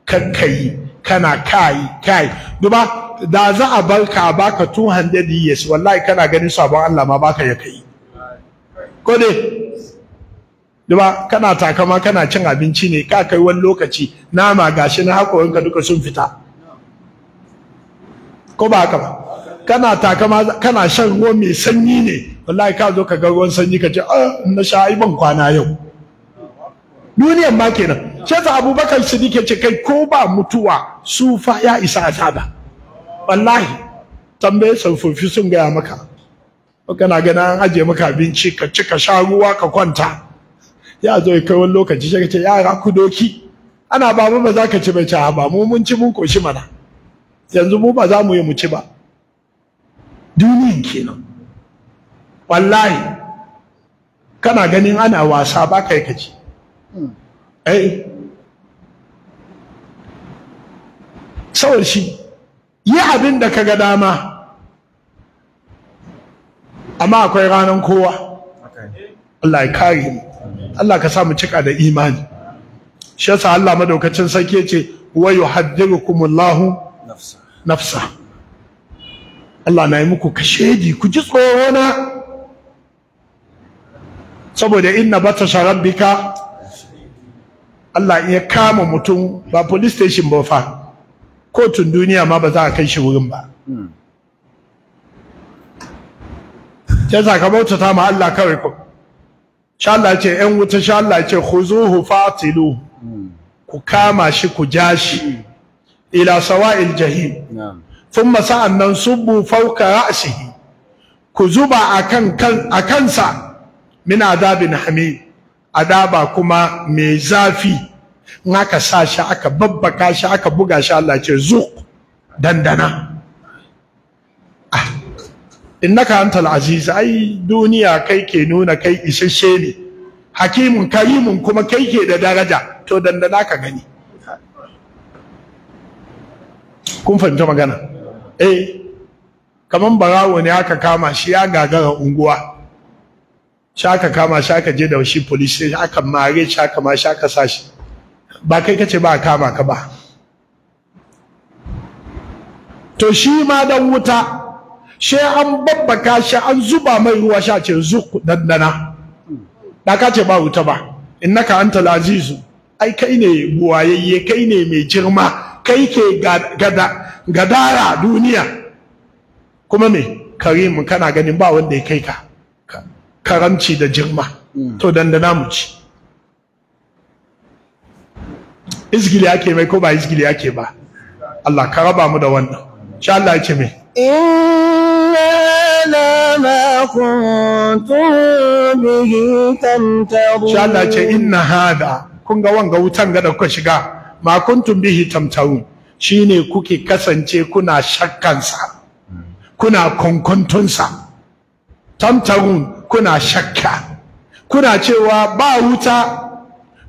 kakkayi kana kai kai duba da za a barka a baka 200 years wallahi kana ganin sabon Allah ma baka ya kai ko ne duba kana takama kana cin abinci ne ka kai wani lokaci nama gashi na hakorinka duka sun fita ko ba haka ba kana takama kana shan ruwa mai sanyi ne wallahi ka zo ka ga ruwan sanyi ka ce ah na sha ai ban kwana yau duniyan ma kenan shi abubakar siddiq ya ce kai ko ba mutuwa su fa ya isa a azaba wallahi tambaye tsofaffi sun gaya maka kana gana an ajiye maka abinci ka ci ka sha ruwa ka kwanta ya zo ya kai wani lokaci shi ce yara ku doki ana ba mu ba za ka ci bai ci ba mu mun ci mun koshi mana yanzu mu ba za mu yi mu ci ba duniyan kenan wallahi kana ganin ana wasa ba kai kaji eh shi yi abin da ka ga dama amma akwai ranar kowa Allah ya kare mu Allah ka sa mu cika da imani shi yasa Allah madaukacin sarki yace wa Allah nafsa Allah na yi muku kashedi ku ji tsoro na saboda inna batasha rabbika Allah in ya kama mutum ba police station ba fa kotun duniya ma ba za a kai shi wurin ba ya zaka bautata ma Allah kawai ku sha Allah ce wuta sha Allah ce khuzuhu fatilu ku kama shi ku ja shi ila sawa'il jahim thumma sa'annan subbu fawqa ra'sihi ku zuba akan kan akansa min adabin hamid adaba kuma mai zafi in aka sa shi aka babbaka shi aka buga shi Allah ce zuq dandana ah, innaka antal aziz ai duniya kai ke nuna kai isasshe ne hakimun karimun kuma kai ke da daraja to dandana ka gani kun fahimta magana eh kaman barawo ne aka kama shi ya gagara unguwa shaka kama shaka je da shi police station aka mare shi aka ma shaka sashi ba kai kace ba kama ka ba to shi ma dan wuta she an babbaka shi an zuba mai ruwa sha ce zuk dandana da ka ce ba wuta ba innaka antal azizu ai kai ne buwayayye kai ne mai girma kai ke gada gadara duniya kuma me karim kana ganin ba wanda ya kai ka karamci da jirma mm. to dandana mu ci izgili ake mai ko ba izgili ake ba Allah ka raba mu da wannan insha Allah mai inna la ma kuntum bihi تمترون insha Allah ce inna hada kun ga wanga wutan ga da kuka shiga ma kuntum bihi tamtarun shine kuke kasance kuna shakkansa kuna konkontonsa tamtarun kuna shakka kuna cewa ba wuta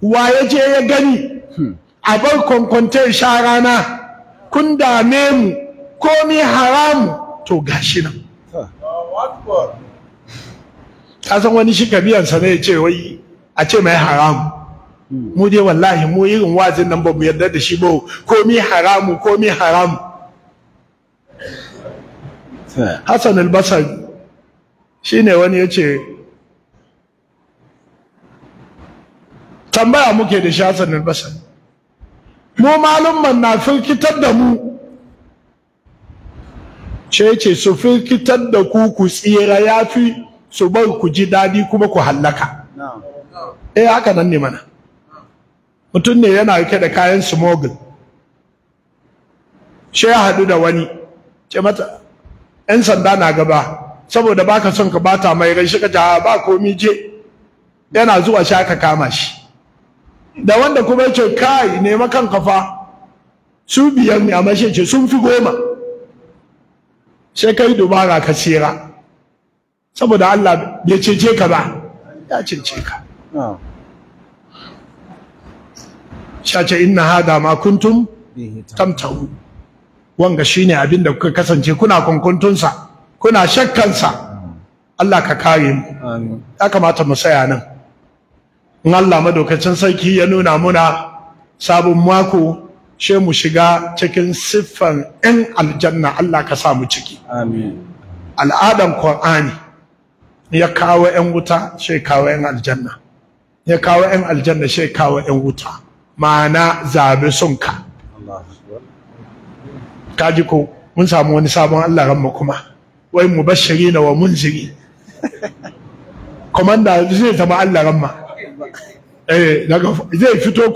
wa ya je ya gani hmm. a bar kwankwantar sha rana kun dame mu komi haramu to gashi nan ka san wani shi kabiyansa ne ya ce wai a ce mai haramu hmm. mu dai wallahi mu irin wazin nan ba mu yarda da shi ba komi haramu komi haramu Hassan al Shi ne wani ya ce tambaya muke da shasan albasar mu malumman na filkitar da mu ce ce su firkitar da ku ku tsira ya fi su bar ku ji daɗi kuma ku hallaka eh haka nan ne mana mutum ne yana rike da kayan smogul shi ya haɗu da wani ce mata 'yan sanda na gaba saboda baka son ka bata mai rai ka ja ba komi je yana zuwa sha ka kama shi da wanda kuma yace kai nema kan kafa su biyar ne amma shi ce sun fi goma sai dubara ka tsira saboda Allah bai cece ka ba ya cece ka ce inna hada ma kuntum tamtahu wanga shine abin da kuka kasance kuna kunkuntunsa kuna shakkansa Allah ka kare mu ya kamata mu saya nan in Allah madaukacin sarki ya nuna muna sabon mako she mu shiga cikin siffan 'yan aljanna Allah ka sa mu ciki al'adan Qur'ani ya kawo 'yan wuta she kawo 'yan aljanna ya kawo 'yan aljanna she kawo 'yan wuta ma'ana zabe sunka kaji ko mun samu wani sabon Allah ranmu kuma wai mubashiri na wa munziri komanda zai zama Allah ramma eh daga zai fito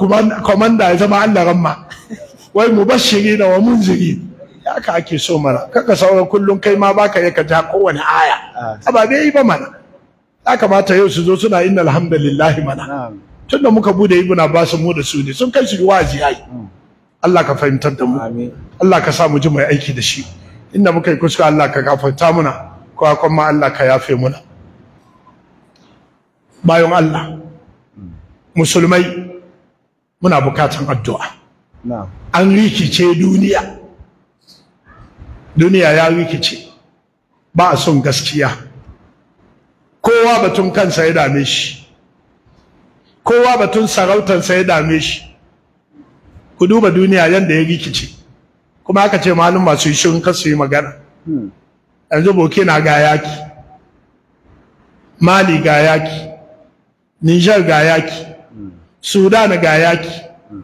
komanda ya zama Allah ramma wai mubashiri na wa munziri haka ake so mana kaka sauran kullum kai ma baka yaka ja kowane aya bai yi ba mana ya kamata yau su zo suna inna alhamdulillahi mana tunda muka bude ibn abbas mu da su ne sun kai shi wazi ai mm. Allah ka fahimtar da mu Allah ka sa mu ji mai aiki da shi inda muka yi kuska Allah ka gafarta muna ko kuma Allah ka yafe muna bayan Allah musulmai muna bukatan addu'a an rikice duniya duniya ya rikice ba a son gaskiya kowa batun kansa ya dame shi kowa batun sarautansa ya dame shi ku duba duniya yadda ya rikice kuma aka ce malum masu yi kasu yi magana hmm. yanzu na ga yaki mali ga yaki nijar ga yaki hmm. sudan ga yaki hmm.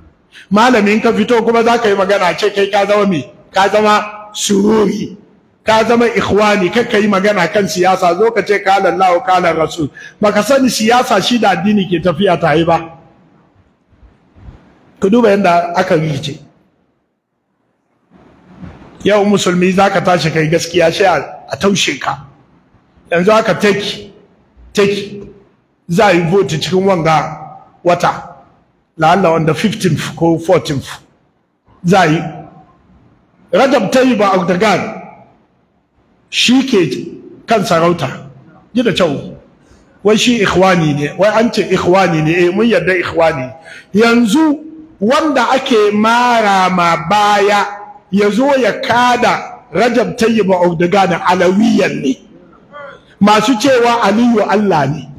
malamin ka fito kuma za ka yi magana ce kai ka zama me ka zama sururi ka zama ikhwani ka yi magana kan siyasa zo ka ce lallahu ka kalan rasul baka sani siyasa shi da addini ke tafiya ta yi ba ku duba yadda aka rice yau musulmi za ka tashi kai gaskiya shi a taushe ka yanzu aka take take za a yi vote cikin wanga wata la'alla wanda 15th ko 14th za a yi rajab tayyib erdogan shi ke kan sarauta ji da kyau wai shi ikhwani ne wai an ce ikhwani ne eh mun yarda ikhwani yanzu wanda ake mara ma baya ya zo ya kada rajab tayyiba Erdogan alawiyan ne masu cewa aliyu Allah ne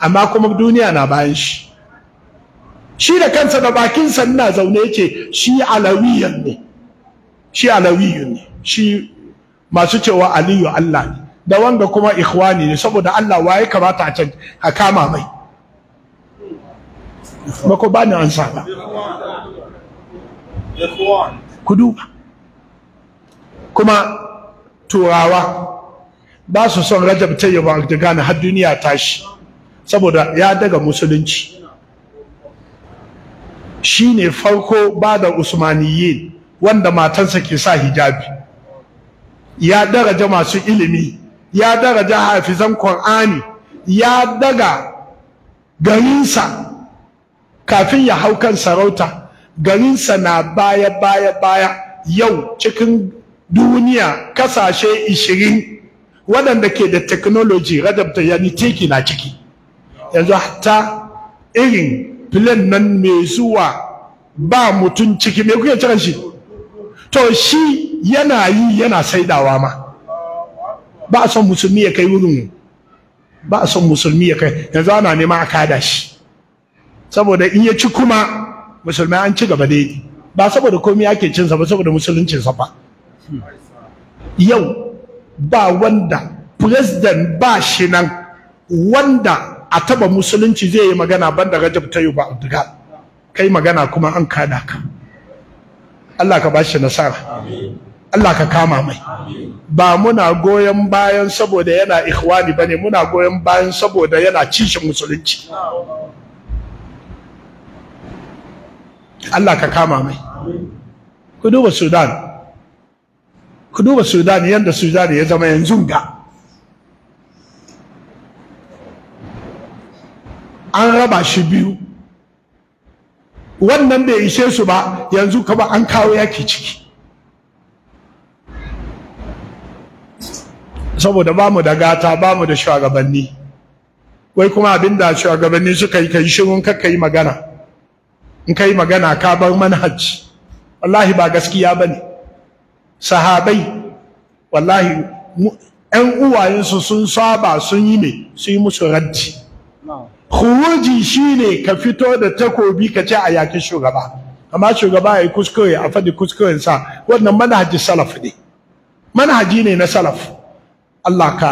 amma kuma duniya na bayan shi shi da kansa da bakinsa na zaune yake shi alawiyan ne shi alawiyun ne shi masu cewa aliyu Allah ne da wanga kuma ikhwani ne saboda Allah waye kamata a can a kama mai mako bani ba an sa ba ku duba kuma turawa ba su son rajab tayyib erdogan har duniya tashi saboda ya daga musulunci shi ne farko ba da usmaniyye wanda matansa ke sa hijabi ya daraja masu ilimi ya daraja hafizan Qur'ani ya daga garinsa kafin ya hau kan sarauta garinsa na baya baya baya yau cikin duniya kasashe 20 waɗanda ke da technology rajabta yani na ciki yanzu hatta irin filan nan mai zuwa ba mutum ciki mai kuke cikin shi to shi yana yi yana saidawa ma ba a son musulmi ya kai wurin ba a son musulmi ya kai yanzu ana neman a kada shi saboda in ya ci kuma musulmai an ci gaba da dai ba saboda komai ake cin sa ba saboda musuluncin sa yau ba wanda president ba shi nan wanda a taba musulunci zai yi magana banda Rajab ba abduga kai magana kuma an kada ka Allah ka bashi nasara Allah ka kama mai ba muna goyon bayan saboda yana ikhwani bane muna goyon bayan saboda yana cishin musulunci Allah ka kama mai ku duba sudan ku duba sudan yadda sudan ya zama yanzu ga an raba shi biyu wannan bai ishe su ba yanzu kaba an kawo yaki ciki saboda ba mu da gata ba mu da shugabanni wai kuma abinda shugabanni suka yi kai shirin kakka yi magana in kai magana ka bar manhaj wallahi ba gaskiya bane sahabai wallahi ƴan uwayensu sun saba sun yi ne su yi musu raddi khuruji shine ka fito da takobi ka ce a yakin shugaba amma shugaba ya yi kuskure a faɗi kuskurensa wannan manhaji salaf ne manhaji ne na salaf Allah ka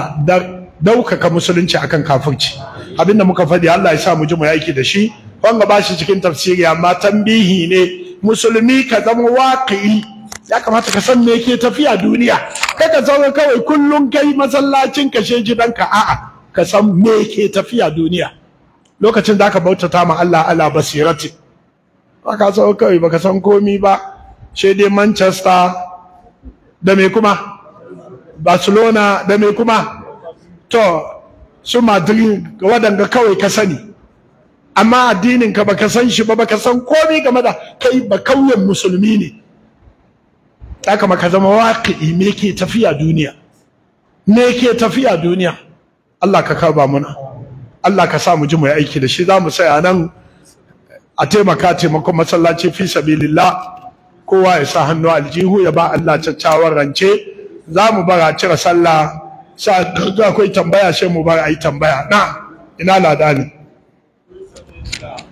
daukaka musulunci akan kafirci abinda muka faɗi Allah ya sa mu ji mu yaki da shi wanga ba shi cikin tafsiri amma tambihi ne musulmi ka zama waqi'i ya kamata ka san me ke tafiya duniya kada zama kawai kullum kai masallacin ka she gidanka a'a ka san me ke tafiya duniya lokacin da ka bautata ma Allah ala basirati ba ka kai baka san komi ba she dai Manchester da me kuma Barcelona da me kuma to su Madrid waɗanda kawai ka sani amma addinin ka baka san shi ba baka san komai game da kai ba kauyen musulmi ne haka maka zama waƙi me ke tafiya duniya me ke tafiya duniya Allah ka kaba muna Allah ka sa mu ji mu yi aiki da shi za mu nan a taimaka taimakon masallaci fi sabilillah kowa ya sa hannu aljihu ya ba Allah caccawar rance za mu bara cire sallah sai akwai tambaya sai mu bara ayi tambaya na ina ladani Stop.